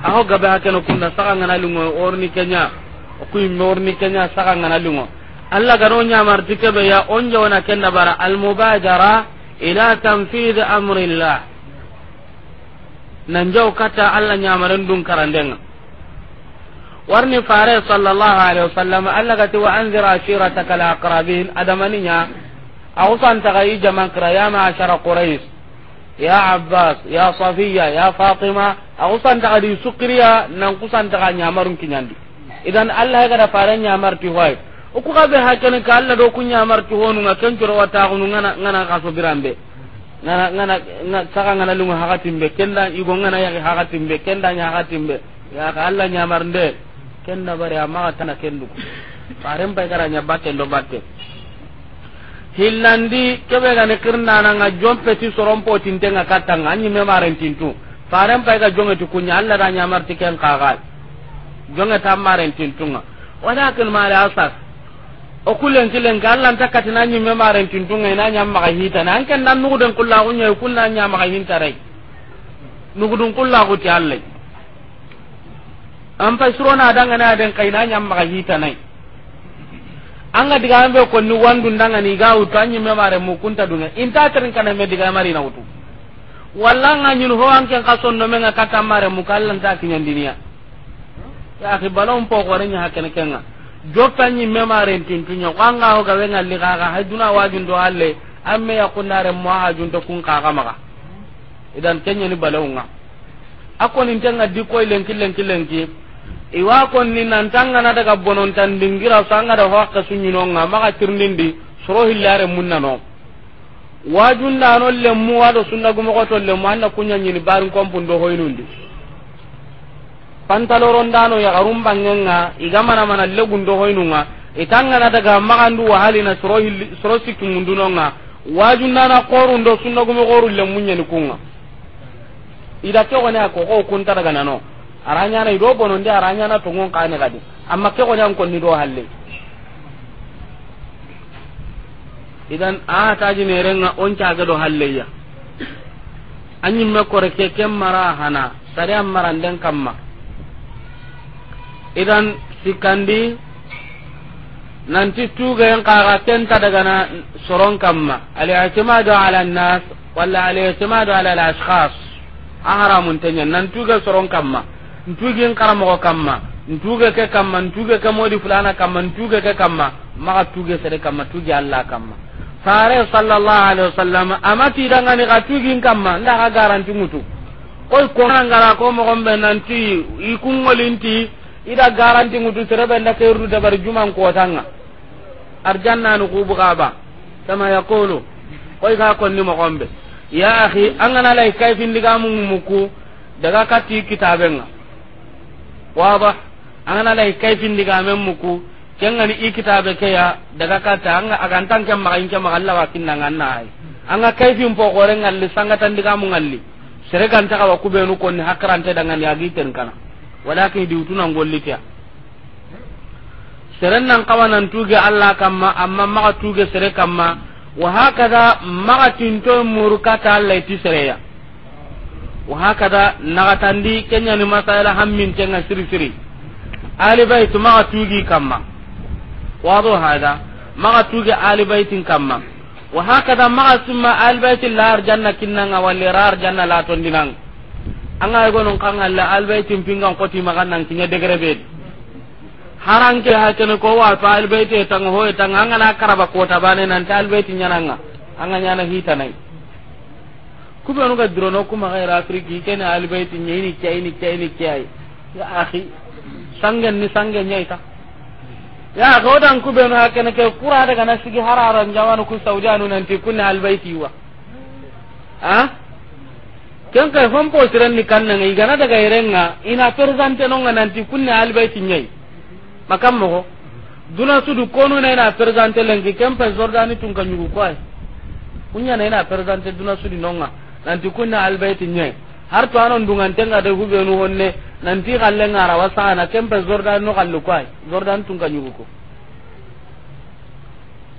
aho gabe hakeno kunna saka ngana lingon orni kenya kuy morni kenya saka ngana lingon alla gano nya mar kebe ya onjo na kenda bara al mubajara ila tanfid amrillah nan jau kata Allah nyamaran dun karandenga warni fare sallallahu alaihi wasallam Allah gati wa anzir ashirataka alaqrabin adamaninya awsan tagayi jaman kraya ma ashara quraish ya abbas ya safiya ya fatima san tagadi sukriya nan kusan taga nyamarun kinyandi idan Allah ga da fare nyamar ti uku ga be hakene ka alla do kunya marti honu nga ken joro wata honu ngana ngana ka so birambe ngana ngana na saka ngana lungu hakatimbe kenda igo ngana ya hakatimbe kenda nya hakatimbe ya ka alla nya marnde kenda bare amma tana kendu parem pai karanya batte do batte hillandi kebe gane kirndana nga tinte nga anyi tintu pai ga jonge da nya marti ken jonge mare asas o kulen kilen ka Allah ta katina nyi me maren tuntun ngai na nyam maka hita nan kan nan nugu den kullu ko nyai kullu nya maka hinta rai nugu dun kullu ko ti Allah am pa surona adanga na den kai na nyam maka hita nai anga ga diga ambe ko ni wandu ndanga ni gawu tanyi anyi me mare mu kunta dunga inta tren kana me diga mari na utu walla nga nyun ho anke ken kason no me nga kata mare mu kallan ta kinyan dunia ya akhi balon po ko renya hakene kenga jotta ni memaren tintunya wanga ho gawe ngalli kaga haduna wajun do alle amme yakunare mo hajun to kun kaga maga idan kenya ni balawunga ni tanga len lenki lenki lenki iwa ni nan tanga na daga bonon tan dingira sanga da hakka no nga maka tirnindi soro hillare munna no wajun da no mu wado sunna gumo ko to lemmu anna kunya ni barin kompun do hoynundi pantaloronɗano yagarum bangenga igamana mana legundo hoynunga itangana daga magandu wahalina soro koru kunga ida ke gone ko kunta daga nano ido tongon gadi amma ke gone an konni do halle idan a ah, taji on do kore ke hana sare kamma idan sikandi nanti tugayen kaga tenta dagana soron kamma al-i'timadu ala an-nas wala al-i'timadu ala al-ashkhas aharamun tanya nan tuga soron kamma ntugen karamogo kamma ntuge ke kamma ntuge ke modi fulana kamma ntuge ke kamma maga tuge sere kamma tuge alla kamma fare sallallahu alaihi wasallam amati dangani ga tugin kamma nda ga garanti mutu koy ko ngara ko mo gombe nanti ikungolin ti ida garanti ngutu serebenda kerru dabar juman tanga arjanna nu kubu kaba kama yaqulu koy ga konni mo gombe ya akhi angana lay kayfin diga mun muku daga kati kitabenga waba angana lay kayfin diga men muku kengani i kitabe keya daga kata anga agantan kem magain kem magalla wakinna nganna ay anga kayfin po gore ngalli sangatan diga mu ngalli kan ta ka kawa kubenu hakran ta dangan yagi ten kana wala ke diwtuna ngollitia seren nan kawanan tuge allah kamma amma maga tuge sere kamma wa hakada maka tinto murkata allah sere ya wa hakada nagatandi kenyani masala hammin cenga siri siri ali bait maga tuge kamma wado hada maga tuge ali baitin kamma wa hakada maga summa ali bait lar janna nga wali rar janna la tondinanga anga go gonon kan alla albaitin pingan ti magan nan kinya degre be ke ha kene ko wa fa albaiti tan ho tan anga na karaba ko ta bane nan ta albaiti nyananga anga nyana hita nai be ga drono kuma gaira afriki kene albaiti ni kai ni kai ni kai ya akhi sangen ni sangen ta. ya ko dan ku be no hakene ke kura daga na sigi hararan jawanu ku saudi anu ti kunna albaiti wa ha ken kay fon po siran ni kan ngi gana daga irenga ina presente non nga nanti kunna albaiti nyai makam mo duna sudu kono na ina presente lengi ken pa zordani tun kan yugo ko kunya na ina presente duna sudu nonga nanti kunna albaiti nyai har to anon dungan tenga de hube no honne nanti galle rawa sana ken pa zordani no kallu ko zordani tun kan yugo ko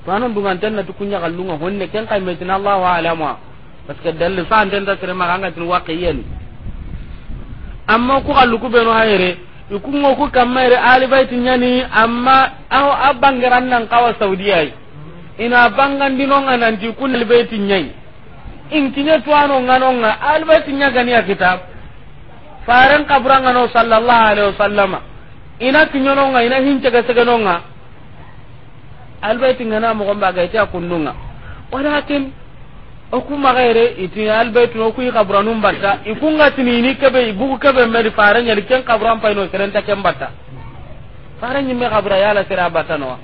to anon dungan tenna tukunya kallunga honne ken kay metina allah wa alama parce que dalil sa da kare ma tin waqiyan amma ku kallu ku beno hayre ngo ku ali nyani amma aho abangaran nan kawa saudiya ina bangan kun nyai in kinya tuano nganonga ali kitab faran sallallahu alaihi wasallama ina kinyononga ina ngana mo gomba kunnunga walakin oku magere iti albaytu oku kabranum batta ikunga tinini kebe ibu kebe meri fare nyali ken kabran payno serenta ken batta fare nyimme kabra yala sera batta no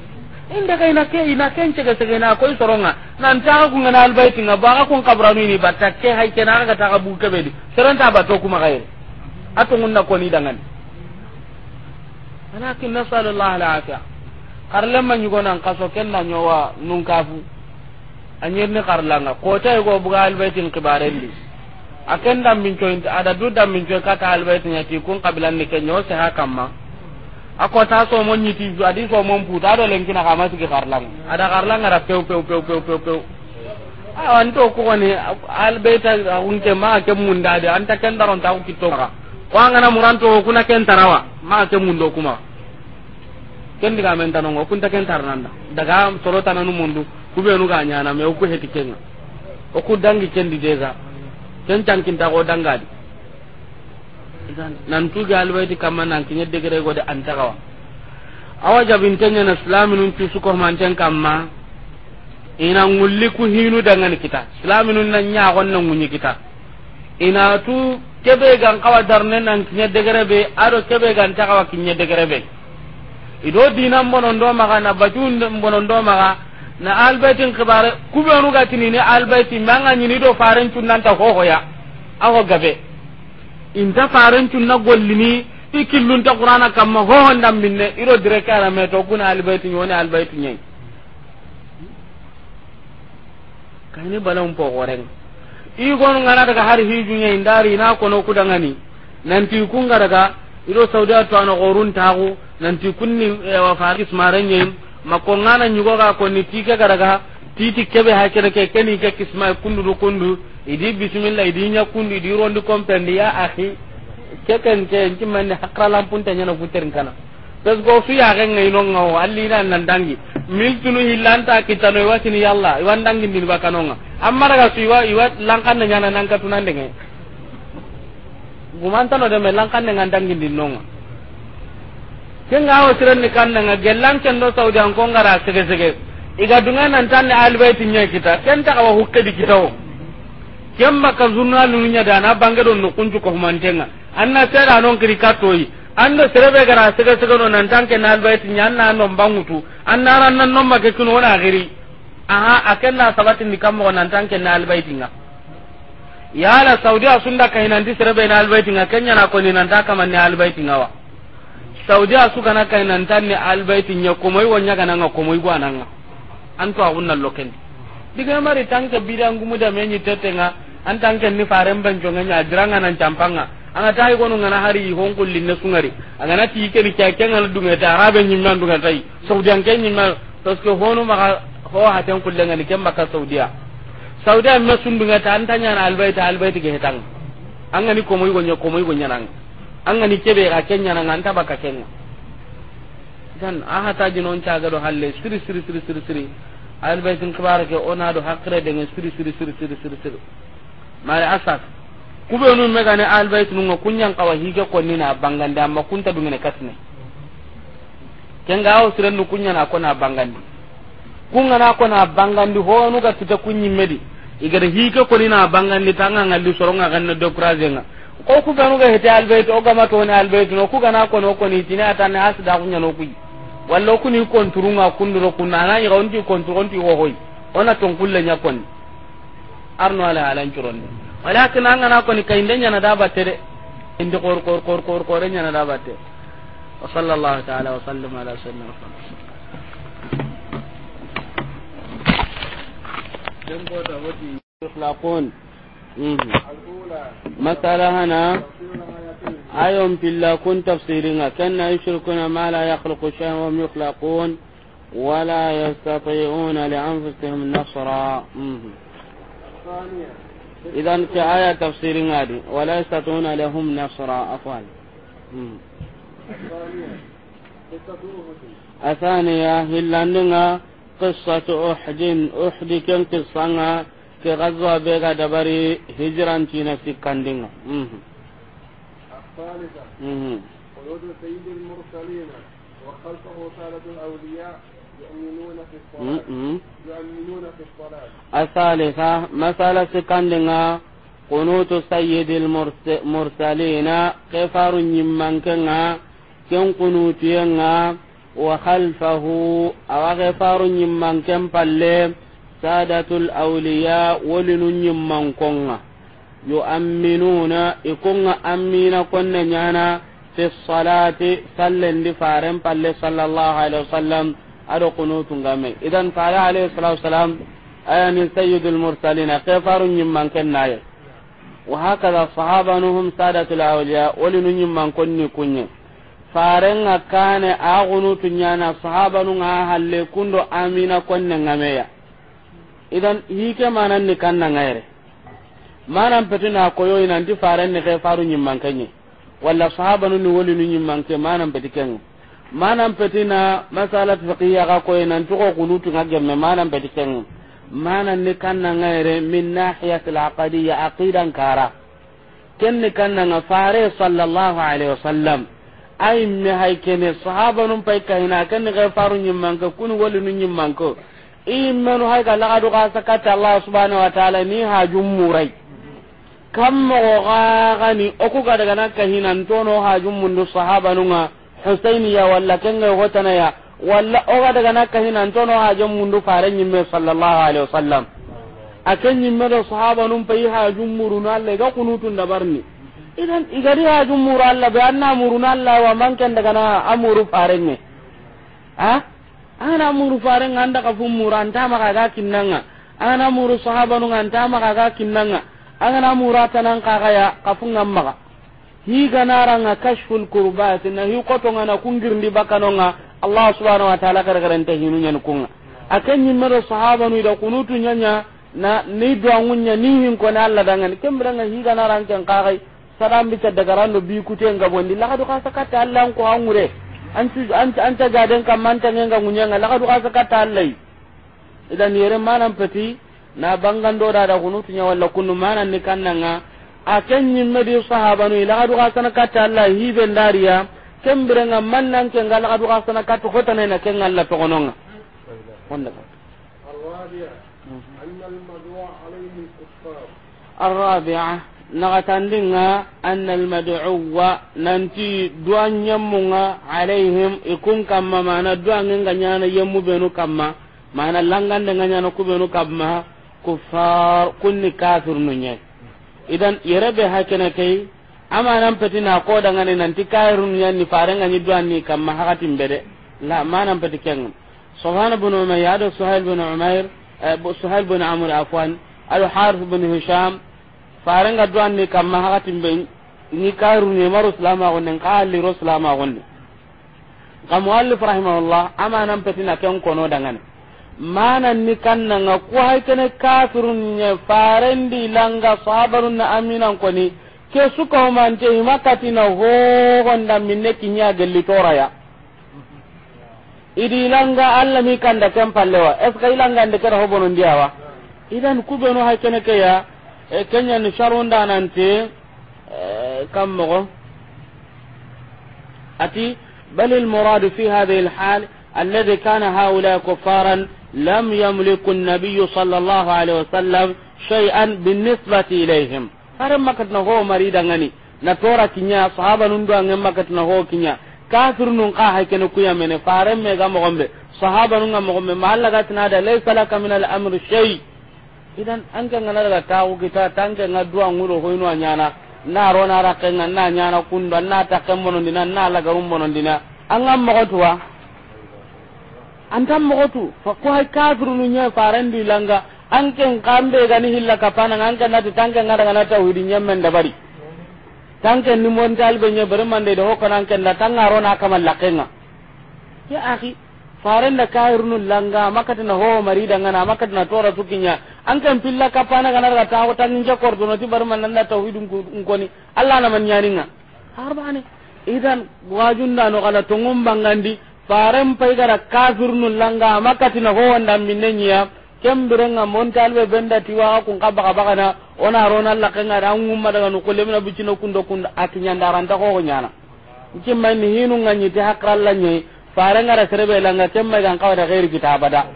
inda kai na ke ina ken cege cege na koy soronga nan ta ku ngana albaytu nga ba kun kabranu ini batta ke hay ken aga ta ka bu kebe di serenta batto ku magere atungun na ni dangan walakin nasallallahu alaihi wa sallam karlemma nyugo nan kaso ken na nyowa kafu. anyirni karlanga kota go buga albaitin kibarendi aken dam minco ada du dam minco kata albaitin yati kun kabilan ni kenyo se hakamma ako ta so mon nyiti adi so mon puta do lenkina kama sigi karlanga ada karlanga ra pew pew pew pew pew pew awan to ko ni albaita unke ma ke munda de anta ken daron ta ukito ka wanga na muranto kuna ken tarawa ma ke mundo kuma ken diga men tanongo kun ta ken tarnanda daga soro tananu mundu kubenu ga nyana me ku heti kenga o ku dangi kendi dega ken tankin ta ko dangadi nan tu ga alwayti kamma nan kinye degere go de antagawa awa jabin tanya na islamin nun tu su ko man tan kamma ina ngulli ku hinu dangan kita islamin nun nan nya gon nan munyi kita ina tu kebe gan kawa darne nan kinye degere be aro kebe gan tagawa kinye degere be ido dinan bonon do maga na batun bonon do maga na albaitin kibare kubenu gatini ni albaiti manga nyini do faren nan ta ho hoya aho gabe inta faren tunna gollini ikillun ta qur'ana ma ho hondam minne iro dire kala me to kuna albaitin yoni albaitin nyai kayni balam po goren i gonu ngana daga har hiju nyai ndari na kono kudangani nanti kunga daga iro saudi to an gorun tagu nanti kunni eh, wa faris marenye makongana nyugo ga ko ni tike garaga titi kebe ha kene ke keni ke kisma kundu do kundu idi bismillah idi nya kundu di rondi kompendi ya akhi ke ken ke ntimande hakra lampun tanya na guterin kana pes go su ya gen ngai non ngaw alli nan nan dangi mil tunu hillanta kitano iwati ni yalla iwan dangi din bakanonga amma daga su iwa iwa lankan nya nan nan katunan dengen gumantano de me lankan nan dangi din nonga kenga ho siren ni nga gellan kendo saudi an kongara sege sege iga dunga nan tan albayti nya kita ken ta wa hukke di kitaw kemma ka zunna lunya da na bange don no kunju ko mantenga anna tera non kri katoi sere serebe gara sege sege no nan tan ken albayti nya na no bangutu anna ran nan no make kun wona giri aha na sabati ni kammo nan tan ken albayti nga yala saudi asunda kahinandi serebe na albayti nga kenya na ko ni nan ta kamanni albayti nga wa saudi asu kana kai nan ne albayti nya ko moy wonya kana nga ko moy gwana nga anto a wonna loken diga mari tanke bidangu muda menyi tetenga an tanke ni faren banjo nga nya jranga nan campanga anga tay gonu ngana hari hongkul linne sungari anga na ti ke ni kya nga dunga ta arabe nyi man dunga tai saudi an ken nyi man ske honu maka ho haten nga ni kemba ka saudiya saudiya masun dunga ta antanya na albayta albayta ge hetang anga ni ko moy gonya ko moy gonya nang an ni kebe ga kenya na nganta baka kenya dan a hata jinon ta do halle siri siri siri siri siri albaitin kibar ke ona do hakre de siri siri siri siri siri siri mare asas kube nun megane albait nun kunyan kawa hige ni na bangande amma kunta dumine kasne kenga aw siren kunyan ko na kona kun ga na na bangandi ho nu ga tuta kunyi medi igare hige ni na bangandi tanga ngalli soronga ganna do krazenga ko ku banu ga hete albayt o gama to ne albayt no ku gana ko no ko ni tina ta ne asda ku nyano ku wallo ku ni kon turunga kunduro kunna na yi gonti kon turonti ho hoy ona ton kulle nya kon arno ala ala ncuron walakin an gana ko ni kay nya na ba tere. indi kor kor kor kor kor nya na daba tede wa sallallahu ta'ala wa sallama ala sayyidina muhammad dem ko ta wati مسألة هنا أيوم في الله كن تفسيرنا كنا يشركون ما لا يخلق شيئا وهم يخلقون ولا يستطيعون لأنفسهم نصرا إذا كآية تفسير هذه ولا يستطيعون لهم نصرا أقوال الثانية هلا قصة أحد أحد كم قصة ke gazuwa bai ga dabari hijiranci na sikan dinga. A salisa, masala sikan dinga kunutu sayyidil mursalina ke farun yin mankin ken kunutu yin wa khalfahu a wa ke farun yin mankin sadatul awliya wolinu ñimman konga yu yu'amminuna ikunga ammina konne ñana fi salati sallendi faren palle sallallahu alaihi wa wasallam ado kunutungame idan fare alaihi wa sallam ayani sayyidul mursalin kefaru ñimman kennaye wa haka hakada sahabanuhum sadatul awliya wolinu ñimman konni kunye farenga kane agunutu ñana sahabanunga halle kundo amina konne ngameya idan hike manan ni kanna ngaire manan petina koyo ina ndi faran ne kay faru nyi mankanye wala sahaba nu woli nu nyi ke manan petiken manan petina masala fiqhiya ga koyo nan to ko kunutu ngagemme manan petiken manan ni kanna ngaire min nahiyat al aqidiyya aqidan kara ken ni kanna nga fare sallallahu alaihi wasallam ay me hay kene sahaba nun pay kayna ken ni kai faru nyi manke kunu woli nu nyi manke imanu hay galla kadu ka sakata allah subhanahu wa ta'ala ni ha jumurai kam mo ga gani oku ga daga nan kahinan tono ha jumundu sahaba nunga husainiya walla kenga hotana ya walla o ga daga nan kahinan tono ha jumundu faran nyimme sallallahu alaihi wasallam akan nyimme do sahaba nun yi ha jumuru na alle ga kunutun da barni idan igari ha jumuru Allah be anna muruna alla wa man kan daga na amuru faran ne ha ana muru fare nganda ka fumura anta maka ga kinnanga ana muru sahaba nu anta maka ga kinnanga ana muru tanan ka ga ya kafunga maka hi ganara nga kashful qurbat na hi koto kungir ndi bakanonga allah subhanahu wa ta'ala kar garanta hinu nyen kun akan nyin mero sahaba nu da kunutu nyanya na ni do ngunya ni hin ko na allah dangan kembra nga hi ganara kan ka ga sadam bi daga no bi kute ngabondi la ka do ka sakata allah ko angure anti anta gaden kam manta ne ngenga munyenga la kadu kasa kata allai idan yere manan peti na bangan do da da kunutu nya walla kunu manan ni kannanga akan nyin medi sahabanu ila kadu kasa kata allai hiben dariya kembirenga mannan kenga la kadu kasa kata hotana na kenga alla to kononga wanda ka الرابعة أن المدعو عليه الكفار الرابعة نغتندنها أن المدعو ننتي دوان يمونا عليهم يكون كما معنا دوان ينغنيانا يمو بينو كما معنا لنغن دنغنيانا بينو كما كفار كن كافر نوني إذن يربي هكنا كي أما نمتتي ناقو دنغني ننتي كافر نوني فارنغني دوان ني كما حقاتي مبدأ لا ما نمتتي كي سبحان بن عمير هذا سهيل بن عمير سهيل بن عمر أفوان al harith ibn hisham farenga do anni kamma hakatin be ni karu ne maru salama gonne qali rasulama gonne kam muallif rahimahullah amanan petina ken kono dangane manan ni kanna nga ko hay kene kafirun ne di langa sabarun na aminan koni ke suka man te makati na ho honda minne kinya gelli toraya idi langa Allah mi kanda ken pallewa es kay langa ndekera hobonon diawa idan kubenu haykene keya e kenyani انتي kam mogo ati بل المراد في هذه الحال الذي كان هؤلاء كفارا لم يملك النبي صلى الله عليه وسلم شيئا بالنسبة إليهم هرم مكتنا هو مريدا غني نتورا كنيا صحابة نندو أنهم مكتنا هو كنيا كافر ننقا هيكن كويا من فارم مغمبي صحابة ننقا مغمبي ما هذا ليس لك من الأمر شيء idan an kan ngana daga tawu kita tan duwa ngadu ko inuwa nyana na rona rakenga na nyana kundo na takem mono dina na laga mono dina an an mogotwa antam mogotu fa ko hay kafiru nu nya di langa an kan kambe ni hilla kapana an kan natu tan na ta ngana tawhidi nyammen da bari tan kan ni mon be nya bare mande do hokan an nga da tan rona kamal lakenga ya akhi da kairunu langa makatina ho mari dangana makatina tora tukinya an kan pilla kapana kana daga tawo tan je kordono ti bar man nanda tauhidun ngoni allah na man yaninga harbani idan da no kala tungum bangandi faren pai gara kafirnu langa makatina ho wanda minnenya kembirenga montalbe benda wa ku ngaba ka kana ona rona allah kan da ngumma daga no na bucino kundo kundo akinya ndaranta ko nyana kimma ni nganyi ti hakralla nyi farengara serebe langa kemma gan kawada gairi kita abada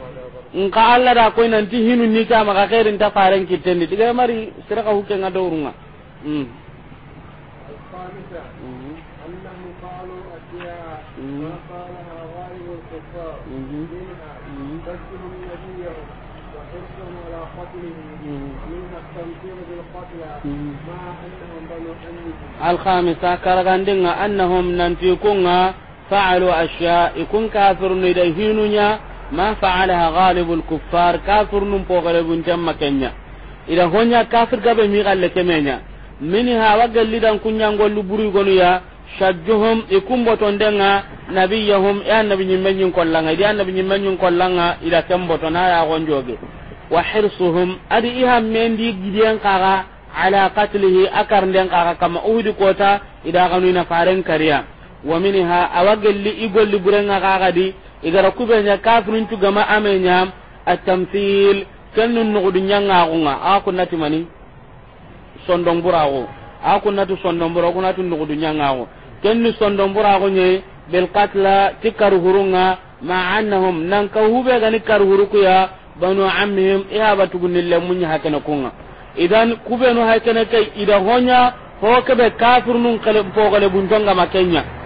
nka alla da koy ti hinu ni ta maka khairin ta faren kitendi diga mari sira ka hukke ngado urunga mm الخامسة دينا أنهم ننتيكونا fa'alu ashya ikun kafirun ida hinunya ma fa'alaha ghalibul kuffar kafirun po galibun jamma kenya ida honya kafir gabe mi galle kemenya minha wagallidan kunyan gollu buru gonu ya shajjuhum ikum botondenga nabiyahum ya nabi nyimmenyin kollanga ya nabi nyimmenyin kollanga ida kem botona ya gonjoge wa hirsuhum adi iha mendi gidiyan kaga ala qatlihi akarnden kama uhudi kota ida kanu ina kariya wa minha awagelli igolli burenga kagadi igara kubenya kafirin tu gama amenya at-tamthil kannun nugudu nyanga gunga akunnati mani sondong burago akunnatu sondong burago kunatu nugudu nyanga go kenni sondong burago nye bil qatla tikar hurunga ma annahum nan ka hube gani kar huruku ya banu ammihim iha batugunni lemunya hakana kunga idan kubenu hakana kai ida honya ho kebe kafir nun kale pogale buntonga makenya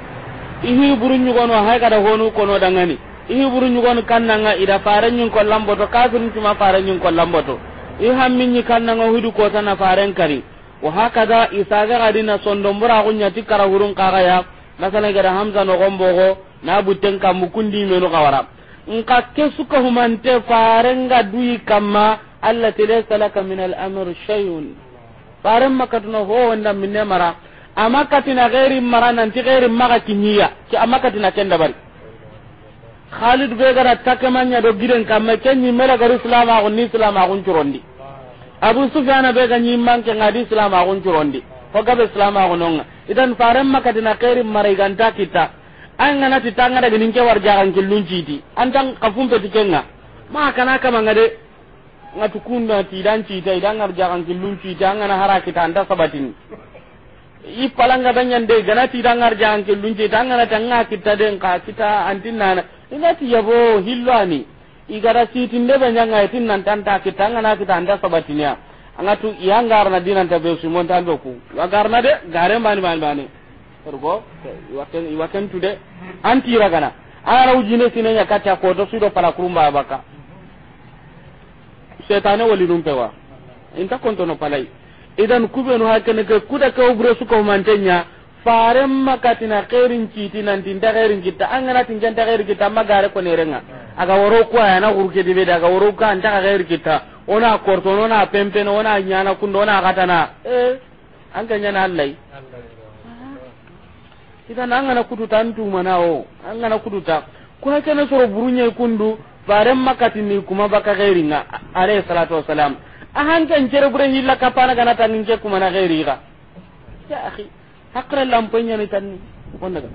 ihi buru nyugono hay kada honu kono dangani ihi buru nyugono kannanga ida fare nyun ko lamboto kafin tuma fare nyun ko lamboto i hammin nyi kannanga hudu ko tana faren kari wa hakada isaga gadina sondombura gunya tikara hurun kaga ya masala gara hamza no gombo go na buten kam kundi meno kawara nka kesu ka humante ga duyi kama allah laysa laka min al amr shay'un faren makatno ho wanda minne mara amma tina gairi mara nanti gairi maga kinyiya ki amma tina kenda bari khalid be gara takamanya do giren kamme ken ni mela garu islam agun ni islam agun curondi abu sufyan be ga nyimman ke ngadi islam agun curondi ko ga be islam agun onga idan maka makatina gairi mara iganta kita an ngana titanga daga ninke kilunji di ti kafun kafum tikenga ma kana kama ngade ngatukunda ti dan ci ta idan warjaran kilunci ta ngana harakita anda sabatin i palanga banyande ganati dangar jangan ke lunje dangana tanga kita den nga kita antinana inati yabo hillani si sitinde be nyanga etin nan tanta kita ngana kita anda sabatinya angatu iyangar na dinan tabe sumon tanbe ku na de gare mani mani mani ergo iwaken iwaken tude anti ragana ara ujine sinenya kata ko to sudo pala kurumba baka setane wali rumpewa inta kontono palai idan kubenu hakene ke kuda ka ubure su ko mantenya faren makatina khairin kiti nan din da khairin kita an ngana tin janta khairin kita magare ko nerenga aga woro ko ya na ke dibe daga woro ka anta khairin kita ona korto ona pempen ona nyana kundo ona katana eh an ganya na Allah idan an ngana kudu tantu manao an ngana kudu ta ko kene soro burunya kundu faren makatini kuma baka khairinga alayhi salatu wassalam ahan kan cere bure hilla kapana kana tan nje kuma na gairi ga ya akhi hakra lamponya ni tan wanda ga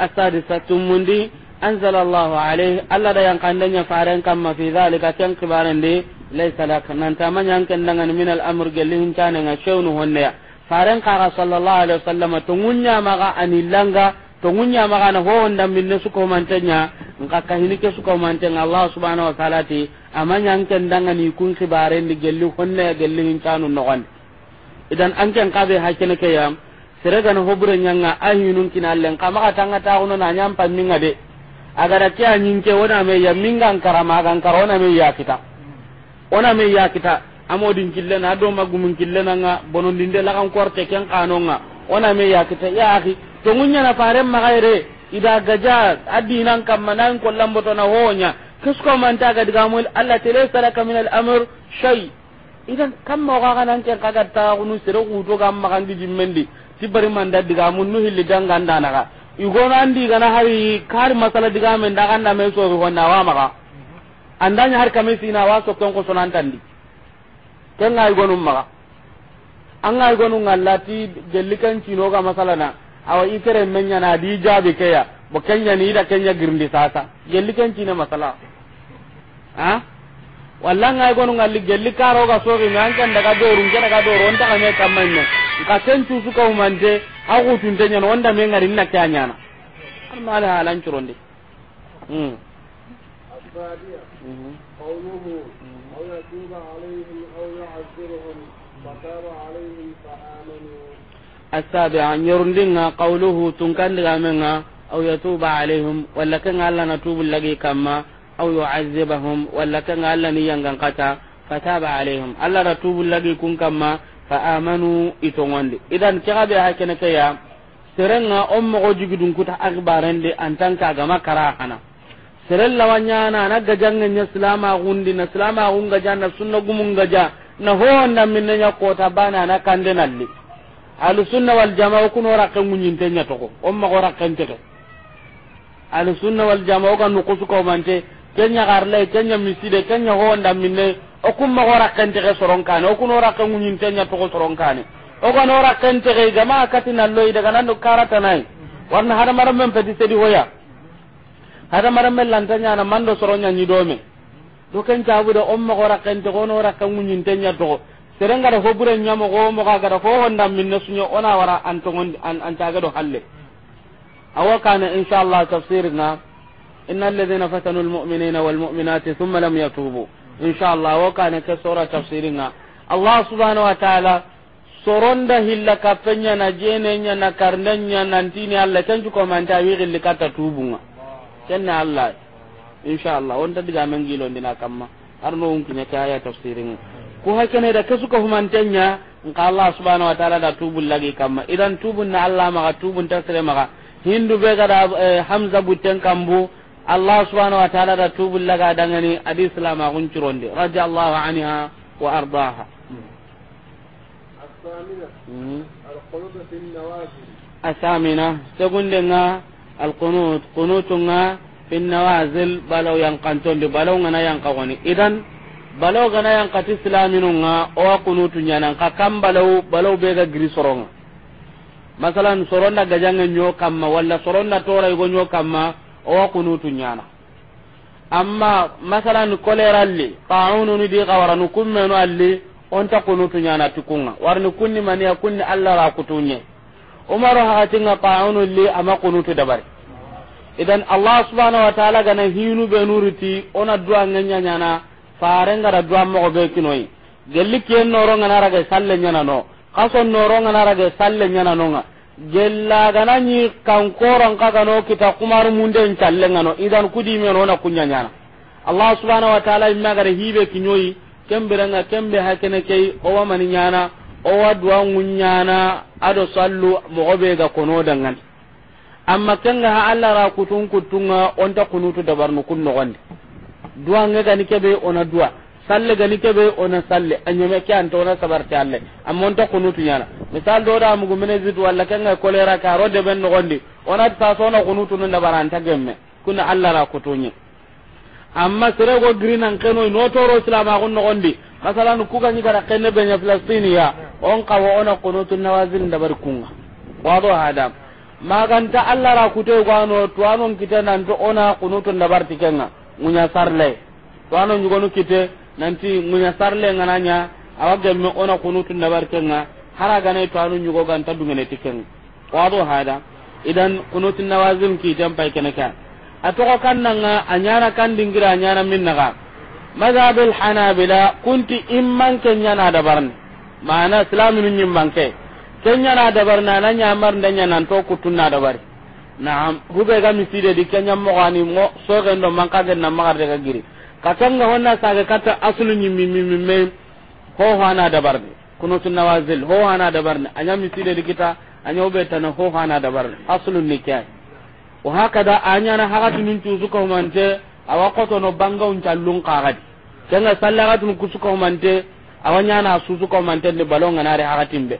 السادسة تمندي أنزل الله عليه ألا دا ينقندن فارن كما في ذلك تنقبار دي ليس لك ننتا من ينقندن من الأمر قلهم كان شونه هنيا فارن قاغا صلى الله عليه وسلم تنغنيا مغا أن اللنغا to magana ho onda minne suko mantenya mantanya nka kahini ke su ko Allah subhanahu wa ta'ala ti amanya anken danga ni kun kibare ni gelli honne gelli ni tanu nogon idan anken kabe hakene ke yam seregan hobure nyanga ahinun kinallen kama katanga ta ono na nyampa minga de agara ke anyinke wona me ya minga karama gan karona me ya kita ona me ya kita amodin kille na do magumun kille na nga bonon dinde la kan korte ken kanonga ona me ya kita ya akhi to na faren magaire ida gaja adinan kamma nan kollan boto na honya kisko man ta ga diga mul Allah tele salaka min al-amr shay idan kam mo ga nan ken kaga ta gunu sire ku to gam magan di jimmendi tibari man da diga mun nu hilli danga ndana ga nan di gana hari kar masala diga men da kan me so ko na wa maka andanya har si na wa so ton ko sonan tandi ken ga igonum maka an ga igonu ti gelikan cino ga masala na awa ikere menya na di jabi ke ya bo kenya ni da kenya girndi sasa gelli ken cine masala ha walla ngai gonu ngalli gelli karo ga so ngi an kan daga doru ngi daga doru on ka ken su ka umante aku tun tenya no me ngari na kanya na amma halan curonde hmm قوله أو يتوب عليهم أو يعذرهم فتاب عليهم فأ السابعة يرندنا قوله تنكن لغامنا أو يتوب عليهم ولا كان الله نتوب لغي كما أو يعذبهم ولا كان الله نيانغان قتا فتاب عليهم الله نتوب لغي كن كما فآمنوا إتوغندي إذن كغابي هكذا كيا serenga on mogo jigidun kuta akbarende antan kagama karahana seren lawanyana na gajange nya silama gundi na silama gunga janna sunna gumunga ja na ho minne nya kota bana na kande nalli ahlu sunna wal jamaa kuno rakke munyinte nya ko on ma gora nte ke ahlu sunna wal jamaa kan no kusuko mante kenya garle kenya miside kenya nda minne o kum ma gora nte ke soron kane o kuno rakke munyinte nya toko soron kane o kono nte ke jamaa katina loyi daga nan karata nai warna hada maram men pedi sedi hoya hada maram men lantanya na mando soronya nyidome do ken tabu da on ma nte ko no rakke munyinte nya toko serengara ko buren nyamo ko mo ga gara ho honda minne sunyo ona wara antongon an taga do halle awa kana insha Allah tafsirna inna alladhina fatanu almu'minina walmu'minati thumma lam yatubu insha Allah awa kana ka sura tafsirna Allah subhanahu wa ta'ala soronda hilla penya na jene nya na karnenya nantini Allah tanju ko manta wi gilli kata tubunga tanna Allah insha Allah on diga mangilo ndina kamma arno unkine kaya tafsirna ko hakene da kesu ko humantenya nka Allah subhanahu wa ta'ala da tubul lagi kamma idan tubun na Allah ga tubun tasre maka hindu be ga eh, Hamza buten kambu Allah subhanahu wa ta'ala da tubul laga dangani adi islam agun curonde radiyallahu anha wa ardaha hmm. alqunut تقول لنا القنوت قنوتنا في النوازل بلو balaw ngana yang kawani idan balo gana yang kati nga owa kunutu tunyana ka kam balo balo be ga giri soronga masalan soronda gajange ño kamma wala soronda toraygo ño kamma owa kunutu tunyana. amma masalan koleralli ni di kawaranu kummenu alli onta kunutu ñana tukunga warni kunni ya kunni allah ra kutunye umaru nga taunu li ama kunutu dabari idan allah subhanahu wa ta'ala gana hinu be nuruti ona duwa ngenya ñana mo be kinoi gelli kien ngana raga salle kaso kason ngana raga salle kan gellaganañi kankoron kagano kita kumar munde challe ngano idan kunya kuñañana allah subhanahu wa taala hibe kinoi kembere kembirenga kembe hakene kei mani nyana owa duwa ŋuñana ado sallu be ga kono dangan amma kenga ha allah ra kutun kutunga onta kunutu dabarnu kun nogondi duwa nga gani kebe ona duwa salle gani kebe ona salle anyame ke anto ona sabarte alle amma onta nutu nyana misal do da mugu mene zitu walla kanga kolera ka rode ben nogondi ona ta so ona kunutu nda baranta gemme kuna alla ra kutunye amma sere go green an keno no toro islama gon nogondi masalan ku ganyi gara kenne benya ya on kawo ona kunu nawazil nda bar kunga wado hada maganta alla ra kutoy gwano tuwanon kitana nan to ona kunutu nda bartikenga ngunya sarle to ano nyugonu kite nanti ngunya sarle ngananya awa gelme ona kunutu nabar kenga haraga ne to anu nyugo ganta dungene tiken wado hada idan kunu kunutu nawazim ki pai kenaka atoko kannanga anyana kan dingira anyana minnaga madhabul hanabila kunti imman kenya na dabarni mana islamin nyimman ke kenya na dabarna nanya mar ndanya nan to kutunna dabari naam hube ga miside di kenya mo gani mo so ga ndo man ga na ma daga giri ka wonna sa ga kata aslu ni mi mi me ho hana kuno tun nawazil ho hana dabarni anya miside di kita anya hube tana ho hana dabarni aslu ni kya wa da anya na ko nun tu suka humante awa to no banga un challun qagadi kenga ko man te awanya na susuka humante ne balonga na re be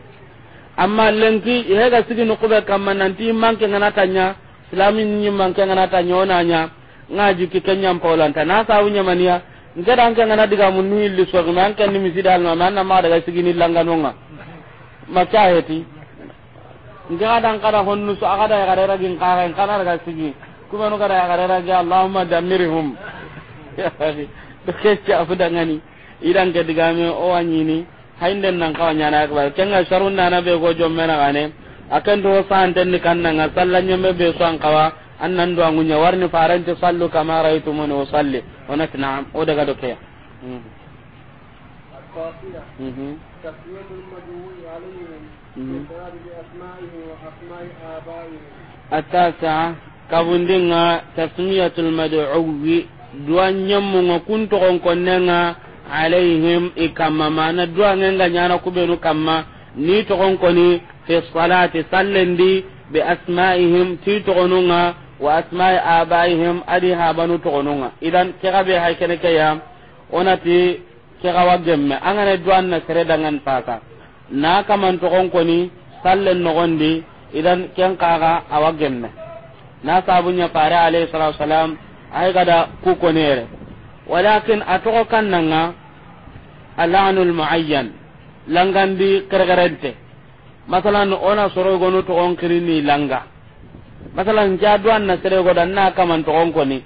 amma lenki ga sigi nukube kamma nanti manke ngana tanya islami ni manke ngana tanya onanya ngaji ki kenya mpolanta na sawu nge ngeda anke ngana diga munni li sogi man kan ni misidal ma man ma daga sigi ni langanonga macha heti ngeda dan kada honnu so agada ya gara ragin kara en kana daga sigi kuma no gara ya gara ragi allahumma damirhum to kecce afu dangani idan ke diga me o wanyini hainden nan kawa nyana akbar kenga sharun nana be go jom mena gane akan do san tan kan nan sallan nyambe be so an kawa annan do ngunya warni faran to sallu kama raitu mun usalli onat na'am o daga do kaya تقييم المدعو عليهم بأسمائه وأسماء آبائهم التاسعة كابوندينغا تسمية المدعو دوان يمو كنت غنكونينغا alaihim ikamma mana duwangen ga nyana kubenu kamma ni togon koni fi salati sallendi bi asma'ihim ti togonunga wa asma'i abaihim adi habanu togonunga idan kega be hay kaya onati kega wa gemme angane duwan na sere dangan paka na kaman togon koni sallen nogondi idan ken kaga awa gemme na sabunya fare alayhi salatu wasalam ay gada ku konere walakin atogo kannanga alanul muayyan langandi kergerente masalan ona soro gonu to on kirini langa masalan jadwan na sere go dan na kaman to on ni.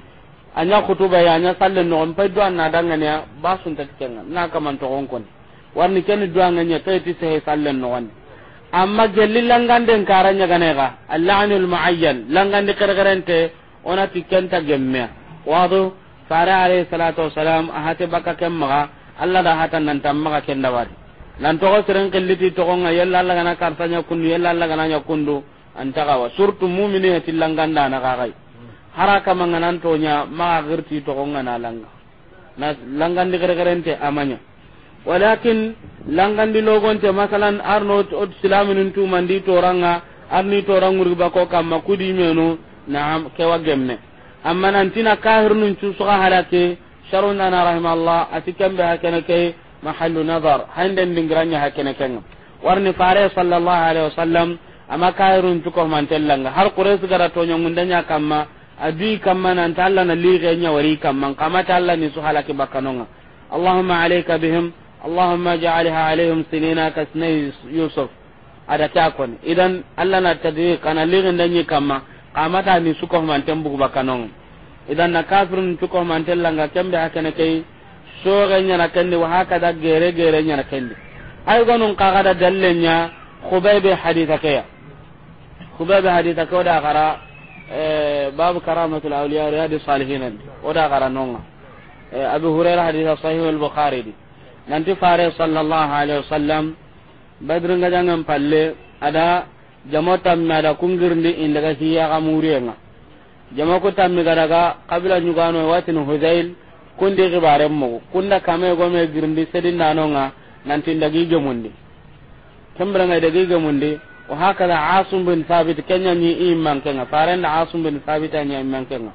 anya kutuba ya anya salle no on pe duan na danga ne basun ta kenga na kaman to on koni warni ken duan nya tay ti se salle no on amma gelli langande karanya ganega alanul muayyan langandi kergerente ona tikenta gemme wado fara alayhi salatu wassalam ahate baka kemma allah da hata nan tamma ka kenda wadi nan to seren kelliti to gonga yalla allah kana kartanya kundu yalla allah kana nya kundu anta kawa surtu mu'mini ya tilanganda na kagai haraka manganan to nya ma girti to gonga na langa na langandi gere gerente amanya walakin langandi te masalan arno od silaminun tu mandi toranga arni torangur bako kamma kudi menu na kewa gemme amma nan tina kahirnun cu suka halake sharunna na rahimallah atikan ba hakana kai mahallu nazar handen dingranya hakana kan warni fare sallallahu alaihi wasallam amma kairun tuko mantellanga har quraysh gara to nyongundanya a adi kamma nan talla na nya wari kamma kamma ni su halaki bakanonga allahumma alayka bihim allahumma sinina yusuf ada ta idan allah na tadwi kana lige ndanyi kama kamata ni su ko mantembu bakanonga idan na kafirun cuko mantella nga kembe hakene kay soga nyana kende wa da gere gere nyana kende ay gonun da dallenya khubaybe haditha kaya khubaybe haditha ko da gara e, babu karamatul awliya riyadi salihin o da gara nonga e, abu hurairah haditha sahih al bukhari di nanti fare sallallahu alaihi wasallam ga jangam palle ada jamotam nada kungirndi indaga hiya kamuriyenga jama ko tammi garaga kabila nyugano watin hudail kundi gibaren mo kunda kame me girndi sedin nanonga nanti ndagi gemundi kembra ngai dagi gemundi wa hakala asum bin sabit kenya ni imman kenga da asum bin sabit anya imman kenga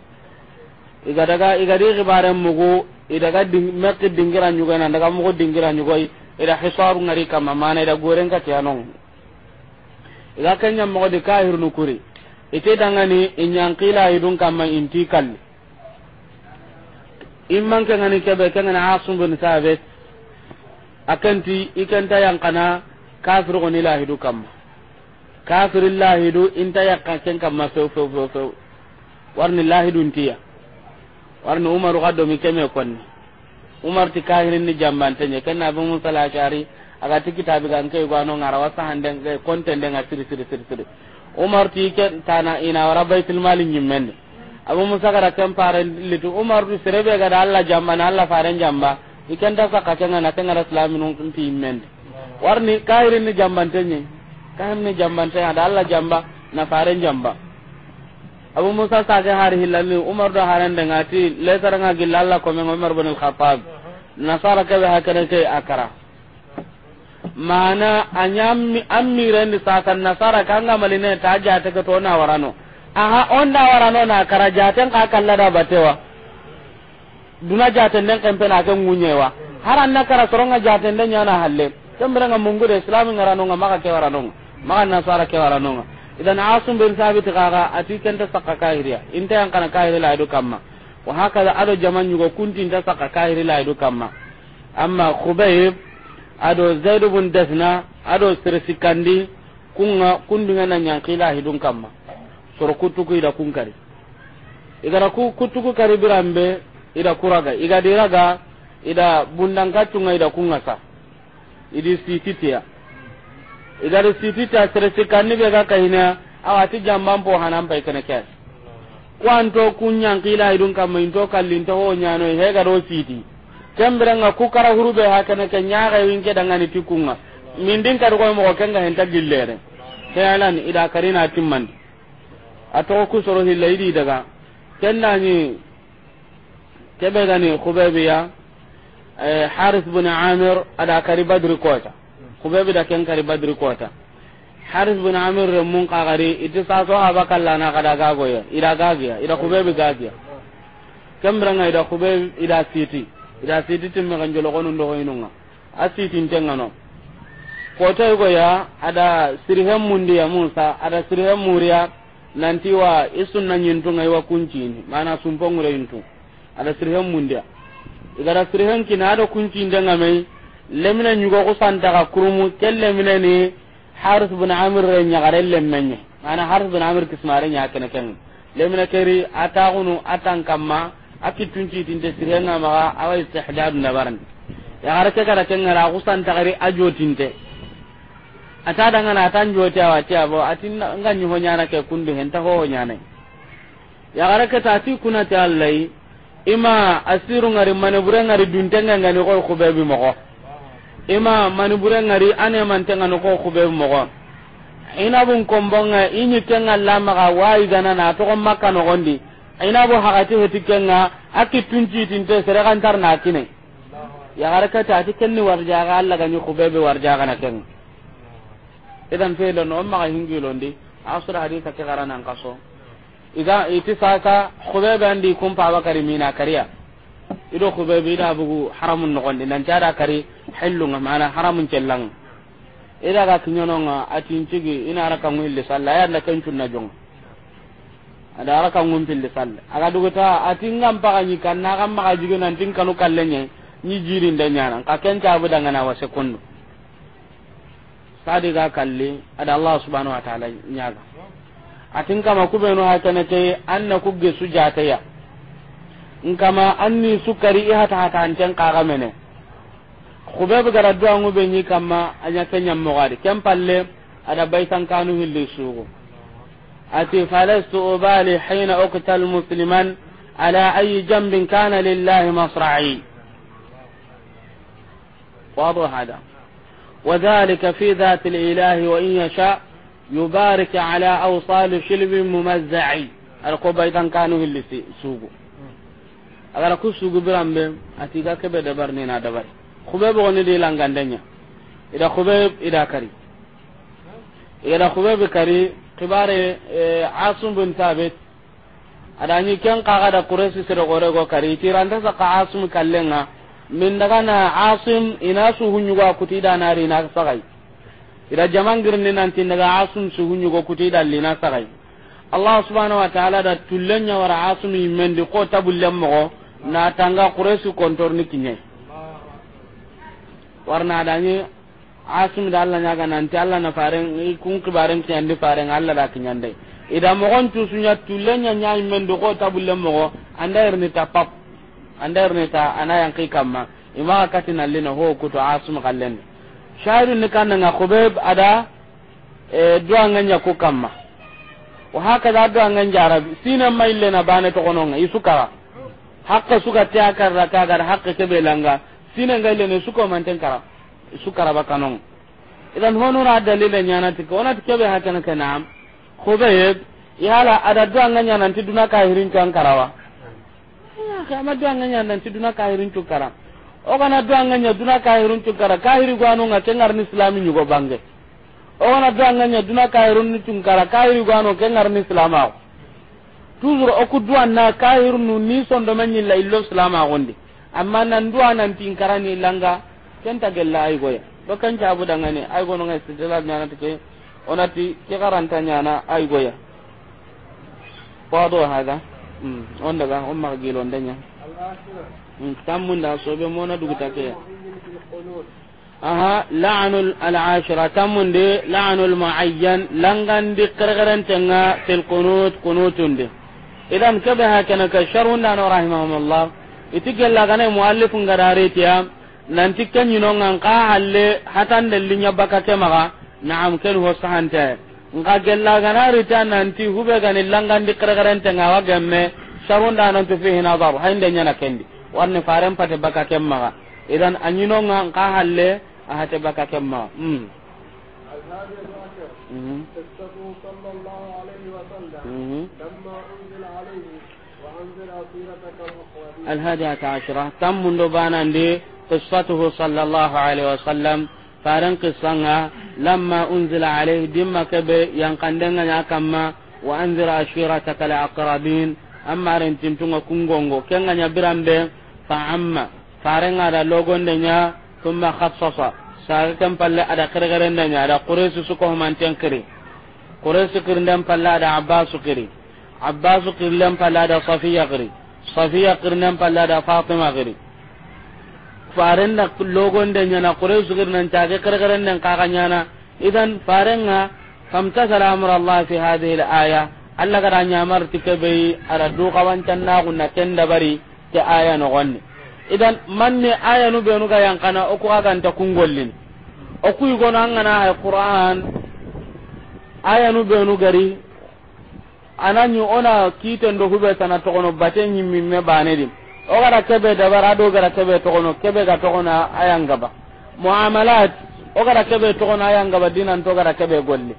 igadaga daga iga mo go idaga ding merti dingira nyugo daga mo go dingiran nyugoi ida hisabu ngari kama mana ida ka tianong iga kenya mo di kahir nukuri ite dangani inyankila idun kamma inti kalli imman ke ngani kebe ke ngani asum bin sabe akanti ikanta yankana kafir ko ni lahidu kamma kafir lahidu inta yakka ken kamma so so few few warni lahidu intiya warni umar gaddo mi keme konni umar ti kahirin ni jamban nya kenna be musa la shari aga tikita bi gan kay gwano ngara wasa handen kay konten den asiri siri siri siri umar ti ke tana ina wara baitul mali nyimmen abu musa kada kan pare litu umar du serebe ga Allah jamba na alla faren jamba da ka kacenga na tenga islamin kun ti men warni kairin ni ni kan ni jambante ada Allah jamba na fare jamba abu musa ga hari hilal umar do haran le lesaranga gilla ko men umar bin al-khattab nasara ke hakana ke akara mana anyammi ammireni satan nasara kanga maline ta jate ke to na warano aha onda warano na kara jaten ka kalla da batewa duna jaten den kan pena kan munyewa haran na kara soronga jaten den yana halle tambira nga mungu de islamin ngarano nga maka ke warano maka nasara ke warano idan asum bin sabit kaga ati kenta sakka kahiriya inta yang kana kahiri la kama kamma wa hakaza ado jaman nyugo kunti inta sakka kahiri la kama kamma amma khubayb ado zaid ibn dasna ado kandi kunga kundunga na nyankila hidun kamma soro kutuku ida kun kari igara ku kutuku kari birambe ida kuraga iga diraga ida bundan kacunga ida kunga sa idi sititiya igara sititiya sirsikandi be ga kahina awati jamban po hanan pai kana kyas kwanto kun nyankila hidun kamma into kallin to ho nyano hega do siti nga ku kara hurube ha kene ke nyaaga winke dangani tikunga min din ko mo ko kenga tagillere ke alan ida karina timmandi atogo kusoro hilla idi daga ni kebe gani khubebiya eh, haris bin amir ada kari badri kota khubebi da ken kari badri kota haris bin amir remun kagari iti so haba kallana kada ya ida gagiya ida khubebi gagiya nga ida khubebi ida siti ida siti timme kan jolo kono ndo hoynunga asitin tengano tay go ya ada sirhem mundi ya Musa ada sirhem muria nanti wa isun isunna ngai wa kunci ni mana sumpongure yintu ada sirhem mundi ya igara sirhem kina ada kunci ndanga mai lemina nyugo ko santa ka kurumu kelle mina ni Harith bin Amir re nyagare lemmenye mana Harith bin Amir kismare nya kana lemina keri ataqunu atankamma akitun ci tinte sirenga maga awa istihdad na baran ya harake kada kengara kusan tagari ajo tinte ata daga na tan jote awa ti abo atin nga nyi honyana ke kundu hen ta ho nyane ya harake ta ti kuna ta allai ima asiru ngari manubure ngari duntenga ngani ko kubebi moko ima manubure ngari ane mantenga no ko kubebi moko ina bun kombonga inyi tenga lamaga wa dana na to makka no gondi aina bo hakati heti kenga aki tunji tinte sere kan tar na kine ya garaka ta ti kenni warja ga Allah ganyu kubebe warja ga na ken idan fe lo no ma hingi ndi asra hadisa ke garana an kaso ida iti saka kubebe andi kum pa ba kari mina kariya ido kubebe ida bugu haramun no gondi nan jara kari hillu mana haramun cellang ida ga kinyono nga atin cigi ina raka ngwille sallaya na kencu na jonga ada ara kan ngum pilli sal aga duguta atingam paganyi nyikan na ma maka jigo nan tin kanu kallenye ni jirin da nyana ka ken ta bu daga na wase kunu sadi ga kalle ada allah subhanahu wa ta'ala nyaga atin kama ku beno ha kana te anna ku ge sujata ya in kama anni sukari iha ta ta anten ka mene ku be gara do ngube be ni kama anya kenya mo gadi kempalle ada baitan kanu hilli suku. أتي فلست أبالي حين أقتل مسلما على أي جنب كان لله مصرعي واضح هذا وذلك في ذات الإله وإن يشاء يبارك على أوصال شلب ممزعي القبة إذا كانوا اللي سوقوا أغرى كل سوقوا برامبهم أتيقا كبه دبرني نادبر خبه بغني دي لانغان دنيا إذا خبه إذا كري إذا خبه بكري kibare asun bin tabit adani ken ka da kuresi sira gore go kari tiranda sa ka asum kallenga min daga na asum ina su hunyu ga kuti da nari na sagai jaman jamangir nan tin daga asun su hunyu go kuti da lina sagai allah subhanahu wa ta'ala da tullenya wara asum di ko tabullem mo na tanga kuresi kontor ni kinye warna adani asim da Allah nyaga nanti Allah na faren kun kibaren ti andi faren Allah da kinyande ida mo gon tu sunya tulenya nyai men do ko tabulle mo go anda irni ta pap anda irni ta ana yang kai kamma ima kati na lena ho ku to asim kallen shaidu ni kan nga khubeb ada e duwa nganya ko kamma wa haka da duwa nganja arabi sina mai lena bane to kono nga isukara hakka suka ta karra kagar hakka kebe langa sina ngai lena suko manten karam. sukaraba kanon idan na honura dalila ñanati ke bai keɓe na kene ke naam hubayeb yala ada do anga ñananti duna kahirin can karawa ah, ama do anga ñananti duna kahirin cu kara ogana do anga ña duna kahirin cu kara kahiri gwanonga ke ni islami ñugo bange ogana do anga ña duna kahirun ni cun kara kahiri gwano ke ngarni islamao toujours oku duwanna kahirnu ni sondome ñilla illo islamagondi amma nan duwa nantin karani langa kenta gella ay goya do kan jabu dangane ay gono ngai sidilal nyana tike onati ke garanta nyana ay goya wado hada mm on daga on ma gilo ndanya mm tamun da sobe mona duguta ke aha la'nul al'ashira tamun de la'nul mu'ayyan langan di qarqaran tenga til qunut qunutun de idan kabe hakana ka sharun da rahimahumullah itigalla gane muallifun gadaretiya nanti kenyino ngan ka halle hatan dellinya baka ke maga na'am ken ho sahante nka gella gana rita nanti hube gani langan di kregaren tenga wa gemme sharon da nan tufi hina dar hande nyana kendi wanne faren pate baka ke maga idan anyino ngan ka halle ahate baka ke maga mm صلى الله عليه وسلم لما الهادية عشرة تم منذ بان عندي قصته صلى الله عليه وسلم فارن قصنا لما أنزل عليه دم كبه ينقندن يا وأنذر عشيرتك الأقربين أما رنتم تنغ كنغونغو كنغ نبرم به فعما فارن على لوغون دنيا ثم خصصا saga kan palle ada kare-karen da ada kuresu suko manten kiri su kiri dan palle ada abbasu kiri abbasu kiri dan palle ada safiya kiri safiya kiri dan palle ada fatima kiri farenna logonde nyana kure sugirnan cage nan kaka nyana idan farenga famtasala amra allah fi hadhihi alaya allah gada ñamarti keɓeyi ara dukawancannaxunna ken bari ke aya noxonni idan manni aya nu aga nta kungollin o ku yugo an ngana hay qur'an aya nu ɓenu gari ananyu ona kiten do huɓe sana togono bate ñimmimme banedim o gara kebe dabara ado gara kebe togono kebe ga togona ayangaba muamalat o gara kebe togona ayangaba dinan to gara kebe golle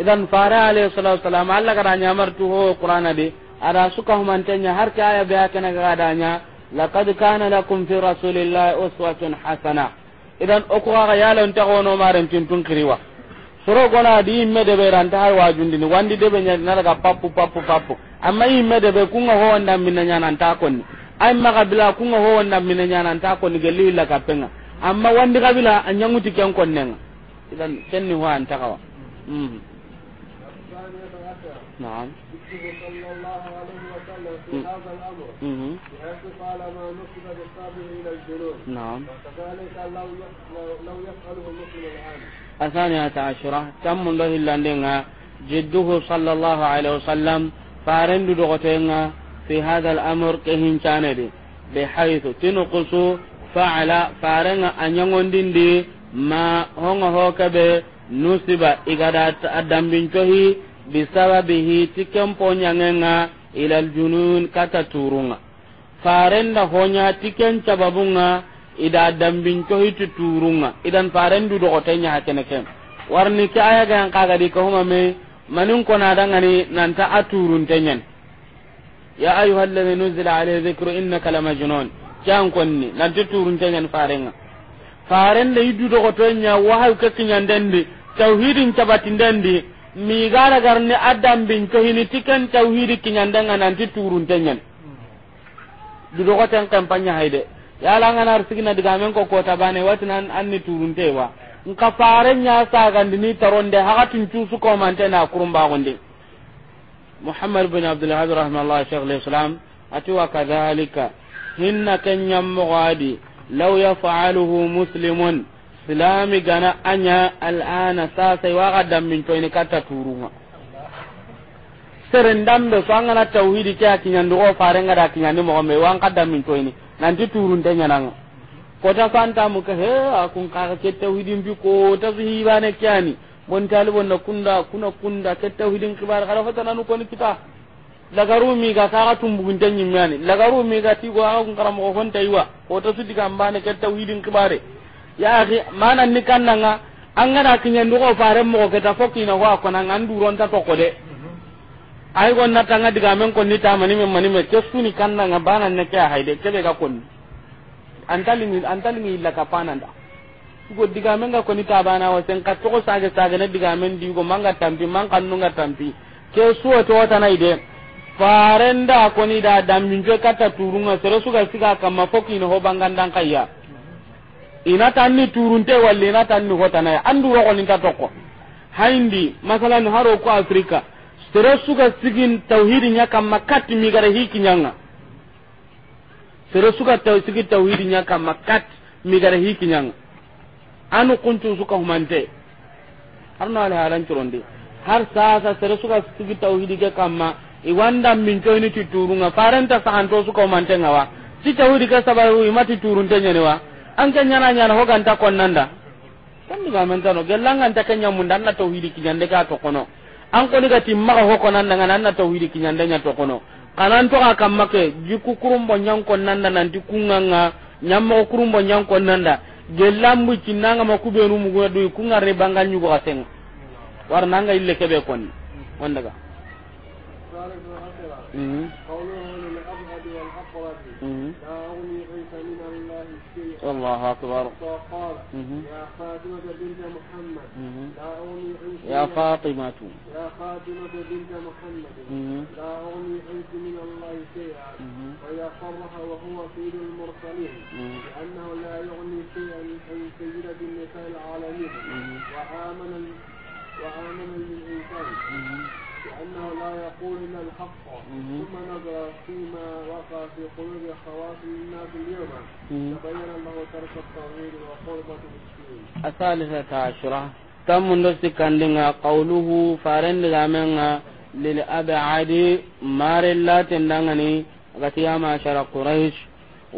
idan fara alayhi salatu wasalam alla gara nyamartu ho qur'ana de ara suka humantenya har ka aya be kana ga adanya laqad kana lakum fi rasulillahi uswatun hasana idan o ko ga yalo nta gono tin tun kiriwa soro gona di imme de be ranta wa jundi ni wandi de be nyana daga pappu pappu pappu amma imme de be kunga ho wanda minna nyana nta konni ay maga bila ku nga hoon na mine nyana ta ko ni gelli la ka penga amma wandi ka bila anyangu ti kyan kon nenga idan ten ni hoan ta kawa mm naam نعم الثانية عشرة تم الله اللندنة جده صلى الله عليه وسلم فارندو دغتنة fi hada lamr kehincanedi be haitu tinukusu fala farenga anyangondindi ma hongo hokebe nusiba igada adambincohi bisababihi ti kenponyangenga ila ljunun kata turunga farenda honya ti kencababunga ida dambincohi ti turunga idan farendu dogotenyaha kenekem warni ke ayagayankagadi kahumame manin konadangani nanta aturuntenyen ya ayuha alladhi nuzila alayhi dhikru innaka lamajnun kan konni nan tuturun tanyan farenga faren da yidu do gotonya wa hay ka kinyan dande tauhidin tabatin dande mi gara garne adam bin to hini tikan tauhidi kinyan danga nan tuturun tanyan dudo gotan kampanya haide ya la ngana sigina diga men ko kota bane watinan anni turun tewa nka faren ya saga ndini taronde hagatun cusu ko mantena kurumba gonde muhammad bin abdulhabi rahimahullah sheikh lislam ati wa kadhalika hinna ken ñammogadi law yafaluhu muslimun silami gana anya al'ana dambe so angana tawhidi ke akinyandi o farenga da akinyandi mogombe wanka he akun ke ko ta bon talibon na kunda kuna kunda ke tawhidin kibar kala fata nanu koni kita lagaru mi ga ka tum bugun tan nyimani lagaru mi ga ti go a kun karam ko hon taywa ko to sudi ga mbane ke tawhidin kibare ya akhi mana ni kannanga an gana kinya ndu ko fare mo ko ta fokki na wa ko nan andu ron ta to ko de ay go na tanga diga men ko ni ta mani men mani me ke suni kannanga bana ne ke haide ke be ga kon antali ni antali ni la ka pananda go digamen ga koni tabana wa sen katto sage sage ne diga digamen di go manga tampi man kannu ga tampi ke suwa to wata na ide farenda koni da dambinjo kata turunga sere suga siga kama foki no ho bangandan kayya ina tanni turunte walli ina tanni hota na andu ro koni ta tokko haindi masalan haro ko afrika sere suga sigin tauhidi nya kama katti mi gara hiki nyanga sere suga tauhidi nya kama katti mi gara hiki nyanga anu kuncu suka humante har no ala halan curonde har sa sa sere suka sigi tauhidi ke kamma i wanda min coyni ti turunga farenta sahanto suka humante ngawa ti tauhidi ke sabaru imati turunte nyane wa an ke nyana nyana ho ganta konnanda kan diga mentano gellangan ta kenya munda na tauhidi kinyande ka to kono an ko diga timma ho konanda ngana na tauhidi kinyande nya to kono kanan to ka kamma ke jiku kurumbo nyang konnanda nanti kunganga nyammo kurumbo nyang konnanda gellan bu nanga ma ku benu mu godu ku ngare bangal nyugo war na nga ille kebe kon wanda ga mhm والله أكبر وقال يا فاطمة بنت محمد لا أغني عنك يا فاطمة يا فاطمة بنت محمد لا أغني عنك من الله شيئا ويقرها وهو سيد المرسلين لأنه لا يغني شيئا عن سيدة النساء العالمين وآمن وآمن للإنسان أنه لا يقول إلا الحق ثم نظر فيما وقع في قلوب خواص الناس اليوم تبين له ترك التغيير وقربة المسلمين الثالثة عشرة تم نسك عندنا قوله فارن لامنا للأبعاد مار لا تندغني غتيا معشر قريش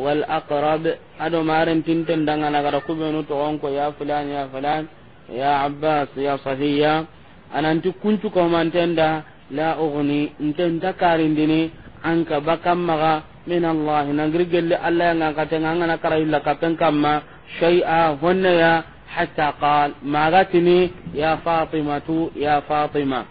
والأقرب أدو مارن تنتندغنا غرقبنو تغنكو يا فلان يا فلان يا عباس يا صفية ananti kuncu komantenda la ugni nte nta karindini anka bakam maga min allah na grigelle alla nga katenga ngana karai la katen kamma shay'a honna ya hatta qal magatini ya fatimatu ya fatima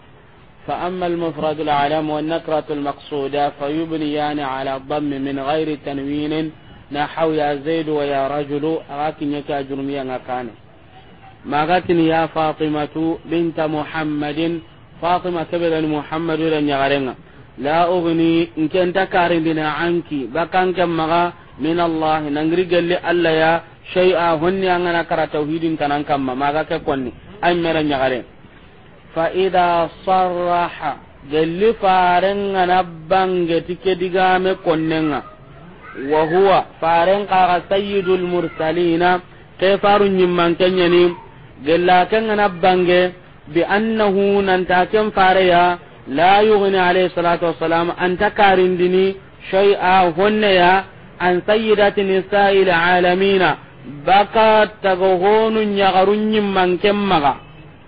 fa amma al mufrad al alam wa nakra al maqsuda fa yubniyani ala dhamm min ghairi tanwin nahaw ya zaid wa ya rajulu akin yaka jurmiya ngakane magatini ya fatimatu binta muhammadin fatima keɓeɗani muhammadu ren yagarenga la ugni nkenta karindina anki bakanken maga min allah nangiri gelli allah ya shay'a honni angana kara tauhidin tanan kamma maga ke konni ay mere nyagare fa idha sarraha gelli faren ngana bange tike digame konnenga wa huwa faren qara sayyidul mursalina ke faru nyimman kenyani gella kengana bange bi annahu nanta ken fareya la yughni alayhi salatu wassalam anta karindini shay'a honneya an sayyidati nisa'il alamina baka tagogonu nyagaru nyimman maga.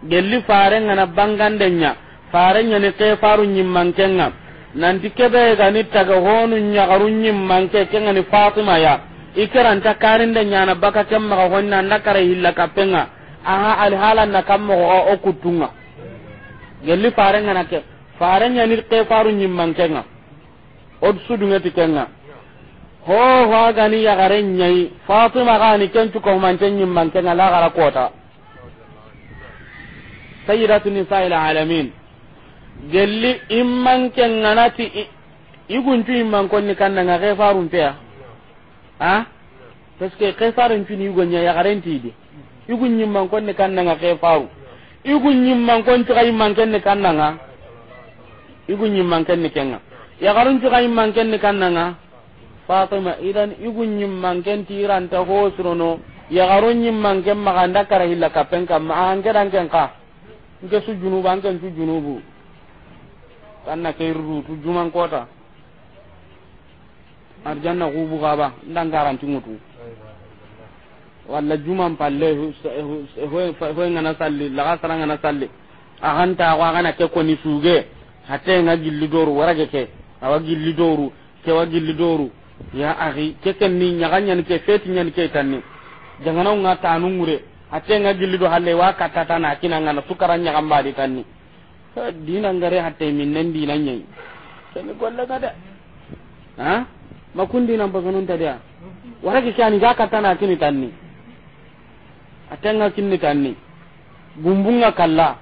gelli fare ngana bangandenya fare nyani ke faru nyimman kenga nanti kebe ga ni tagohonu nyagaru nyimman ke kenga fatima ya ikran takarin karinde nyana baka kemmaga honna nakare hilla kapenga aha alhalan na kam mo o kutunga gelli farenga na ke farenga ni ke faru nyimman kenga od sudunga tikenga ho ho gani ya garen nyai fatima gani ken tu ko man nyim nyimman la gara kota sayyidatun nisa'il alamin gelli imman kenga nati igunju imman konni nga ke farun peya ha parce que ke farun tuni igonya ya garen tidi igun nyimman kon ne nga ke faru igun nyimman kon tiga imman ken ne kannanga igun nyimman ken ne kenga ya garun tiga imman ken ne kannanga fatima idan igun nyimman ken tiran ta ho surono ya garun nyimman ken maganda kara hilla kapen kam ma an kedan ken ka nke su junubu an ken su junubu kanna ke rutu juman kota arjanna kubu gaba ndangaranti mutu. wala juman palle hoy ngana salli laga sara ngana salli aganta ko agana ke suge hatte nga gilli doru warage ke awa gilli doru ke wa gilli doru ya akhi ke ken ni nyaga nyani ke feti nyani ke tanni jangana nga tanu ngure hatte nga gilli do halle wa katata na kina ngana sukara nyaga mbadi tanni dina ngare hatte min nan dina nyai ken golle kada ha makundi nan baganun ta dia warage ke ani ga katana kini tanni atenga kinni kanni gumbunga kalla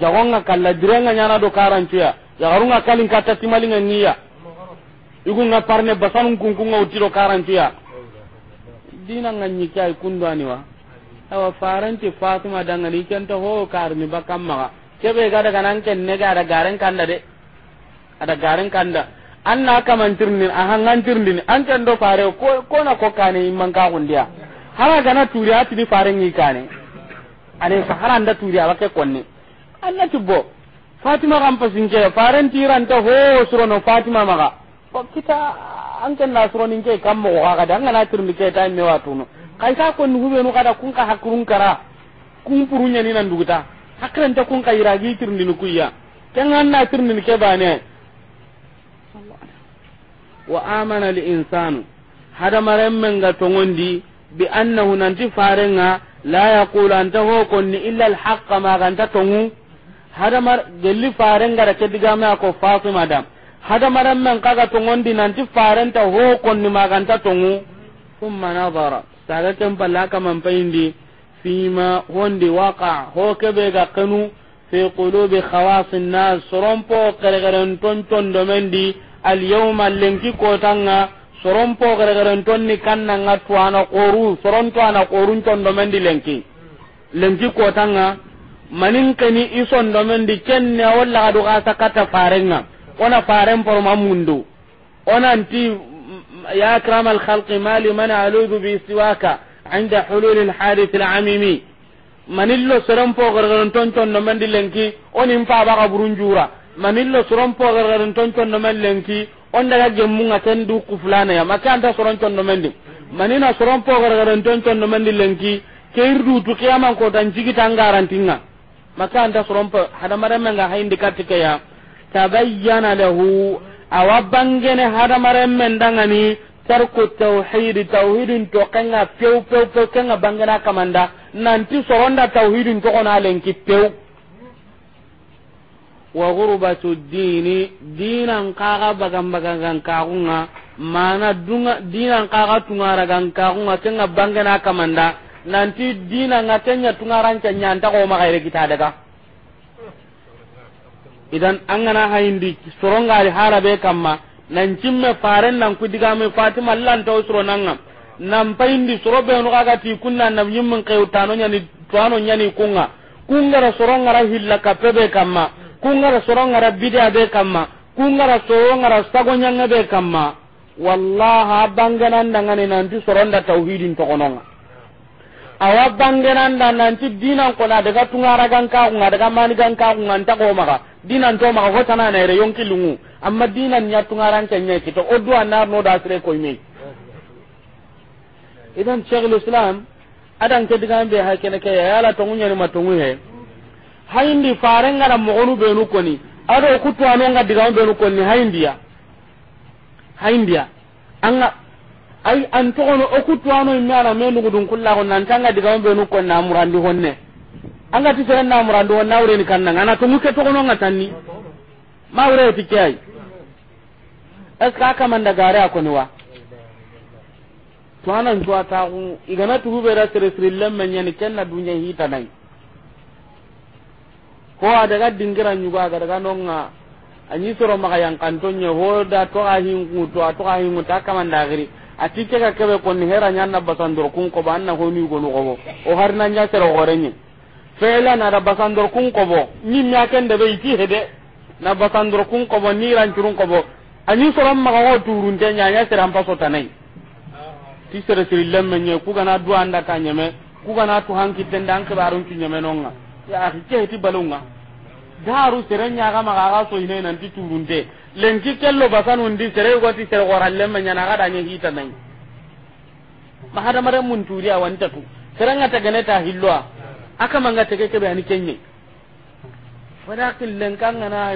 jagonga kalla direnga nyana do karantuya yagarunga kalin kata timalinga niya igunga parne basan kunkunga utiro karantuya dina nga nyikai kundwani wa awa faranti fatima dangani kenta ho karmi bakamma kebe gada kanan ken ne gada garen kanda de ada garen kanda anna kamantirni ahangantirni an kan do fare ko ko na ko kane imman ka hundiya hara gana turi ati di fare ngi kane ane sa hara anda turi ala ke konni anna tibbo fatima kam pasinke faren tiranta ho no fatima maga ko kita anken na suro ninke kam mo ga ga danga na tirmi ke tan me watuno kai ka ko nuhube no kada kun ka hakurun kara kun purunya ni nan duguta hakran ta kun ka iragi tirni ni kuya kan an na tirni ni ke bane wa amana al insanu hada maren men ga tongondi bi annahu nanti farenga la yaqulu anta ho konni illa al haqqa ma ganta tongu hada mar gelli farenga da kediga ma ko fatima dam hada maran men kaga tongondi nanti farenta ho konni ma ganta tongu thumma nadara saga kem balla kaman fi ma hondi waqa ho kebe ga kanu fi qulubi khawas an nas rompo kare kare ton ton domendi al yawma lenki kotanga soron po gare gare ton ni kanna nga to ana koru soron to ana korun ton do mendi lenki lenki ko tanga manin kani ison do mendi kenne walla adu ga sakata farenga ona faren por mamundu ona anti ya akramal khalqi mali man aludu bi istiwaka inda hulul al harith al amimi manillo soron po gare gare ton ton do mendi lenki onin fa ba ga burunjura manillo soron po gare gare ton ton do mendi lenki on daga gemmunga ten du ku fulana ya maka anta soron condo mendi manina soron po gara gara ton condo mendi lenki keir du tu kiyama ko tan jigi tangarantinga maka anta soron po hada maremme nga haindi katika ya tabayyana lahu awa bangene hada maremme ndangani tarku tauhid tauhidin to kanga pew pew pew kanga bangena kamanda nanti soronda tauhidin to kona lenki pew wa gurbatu dini dinan kaga bagan bagan kagunga mana dunga dinan kaga tungara gan kagunga kenga bangana kamanda nanti dina ngatenya tungaran canya anta ko magaire kita daga idan an angana haindi soronga ali harabe kamma nan cimme faren nan kudiga me fatima lan to soro nanga nan paindi soro be no kaga ti kunna nam yimmin kayutano nyani tuano nyani kunga kungara soronga ra hilla kapebe kamma kungara sorongara bidia be kamma kungara sorongara sagonyanga be kamma wallaha bangenan dangane nanti soronda tauhidin tokononga awa bangenan da nanti dinan kona daga tungara ganka na daga mani ganka kunga nta ko maka dinan to maka hota na ne yonki lungu amma dinan nya tungaran kenya kito odu anar no da sire ko imi idan shaykhul islam adan ke digambe hakene ke yala tongunya ni matungu he farenga na mogonu benu koni diga benu koni haindi ya haindi ya anga ay an togono o kuttuwano gudun kulla me nan tanga diga digamu ɓenu konni amurandi honne angati ni kanna honne awreni kannanga ana tonguke nga tanni ma wureti ke ay est ce que a kamanda gare a koni wa to anan cuwataku igana tuguɓera sere siri lemme ñani kenna hita nai. ho adaga dingira nyugo a daga nonga anyi soro maka yang kantonya ho da to a hingu to a to a hingu ta kamanda giri a ke ka kebe kon hera nyanna basandor kun ko banna ho ni gonu go o na nya gore ni fela na da basandor kun ko bo ni nya ken de be ti hede na basandor kun ko bo ni ran turun ko bo anyi soro maka ho turun te nya nya tera ampa sota nai ti sere siri lemme nye ku kana duanda ka nyame ku kana tu den dan ke barun ti nyame nonga ya akhi ke ti balunga daru serenya ga maga ga so ine nan ti turunde lenki kello basanu ndi sere go ti sere goralle men yana ga danye hita nan mahada mare mun turiya wanta tu seranga ta gane hillwa aka manga tege ke bayani kenye wada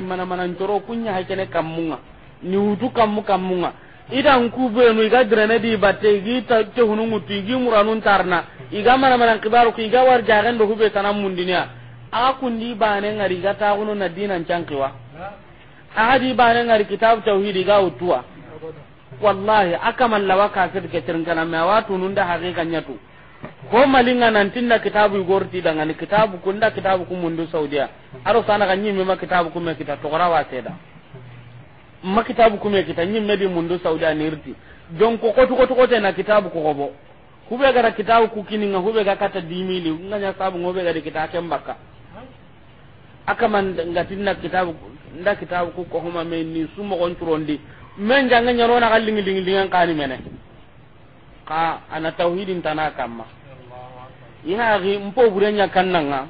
mana mana ntoro kunya kamunga ni utu kamu kamunga idan ku benu iga drene di batte gi ta muranun tarna iga mana mana kibaru ki iga war jagan do hube tanam mundinya aga kundi bane ngari ga kuno na dinan cankiwa aga di bane ngari kitab tauhid ga utuwa wallahi akaman lawa kafir ke tirngana me watu nunda hakikan nyatu ko malinga nan tinda kitabu gorti da ngani kitabu kunda kitabu ku mundu saudiya aro sana kan nyimme ma kitabu ku me kita to wa seda ma kitabu ku me kita nyimme di mundu saudiya nirti don ko kotu kotu kote na kitabu ko gobo hube gara kitabu ku kininga hube ga kata dimili nganya sabu ngobe ga kitabu kita kembaka akaman ngatinna kitabu nda kitabu ku ko huma men ni sumo gon turondi men janga nyaro na kallingi lingi lingan kani mene ka ana tauhidin tana kamma ina gi mpo burenya kannanga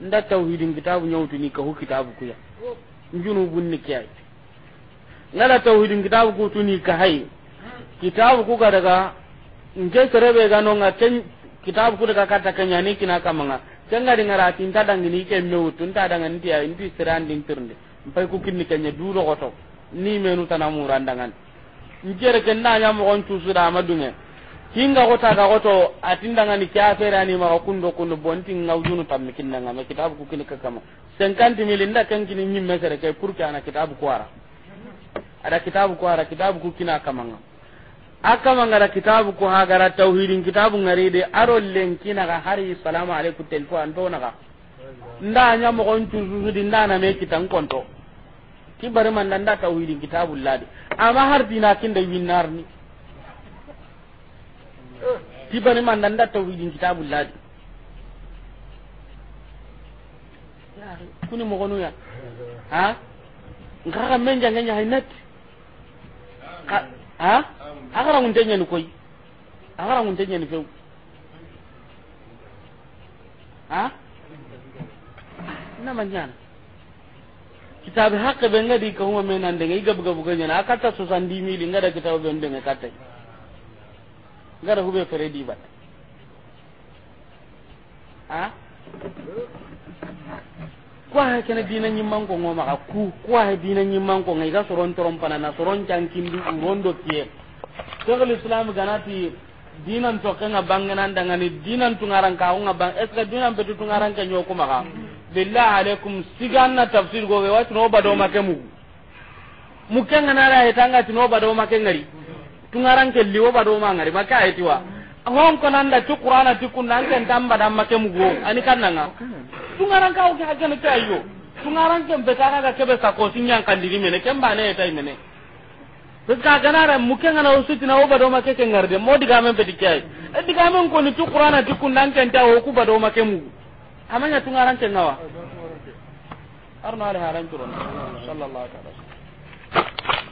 nda tauhidin kitabu nyautu ni ka hu kitabu kuya njunu bunni kiyai ngala tauhidin kitabu ku tuni ka hai kitabu ku ga daga nge serebe ga no nga ken kitabu ku daga kata kanyani kina kamanga kenga dingara tinta dangini kemme wutu nta dangan tiya inti siran din tirnde mpai ku kinni kenya duro goto ni menu tana muran dangan njere kenna nya mo gon tusu da madunge hinga gota ga goto atindangan ni kya fera ni ma kundo kundo bonti ngawjunu tammi kinnanga me kitab ku kinni kakama 50 milin da kan kinni nyimme kare kay pour kana kitab ko ara ada kitab ko ara kitab ku kina kamanga akama ngara kitabu ko hagara tauhidin kitabu ngari de aro lenki naga hari salamu alaikum telefo anto naga nda nya mo gon tuzu di nda na me kitan konto ki bare man nda tauhidin kitabu ladi amma har dina kinda winnarni ki bare man nda tauhidin kitabu ladi kuni mo gonu ya ha ngara men janganya hinat ha agara mun tanya ni koy agara mun tanya ni few ha na manyan kitabe hakke be ngadi ko huma men ande ngi gab gab ganya akata so sandi mi li ngada kitabe be ndenge katai ngada hube fere di bat ha ko ha kana dina nyimman ko ngoma ku ko ha dina nyimman ko ngai ga soron toron pana na soron cangkindu rondo kie shaykhul islam ganati dinan to kenga bangenan dangani dinan ngaran ka unga bang eska dinan betu ngaran ka nyoku maka billah alaikum siganna tafsir go we watno bado makemu mu mukenga nara hetanga tino bado make ngari ngaran ke liwo bado ma ngari maka aitiwa ngom ko da tu qur'ana ti nan kan tamba dan makemu mu go ani tu ngaran ka o ke hakana tayo ngaran ke betara ga kebe sa ko sinyan kan diri mene kembane ne tayi mene ka ganara muke ngana usutina o bado make ke ngarde mo diga men pedi kay e diga men ko ni tu qur'ana ti kundan tan ta o ku bado make mu amanya tu ngaran tan nawa arna ala haran turun sallallahu alaihi wasallam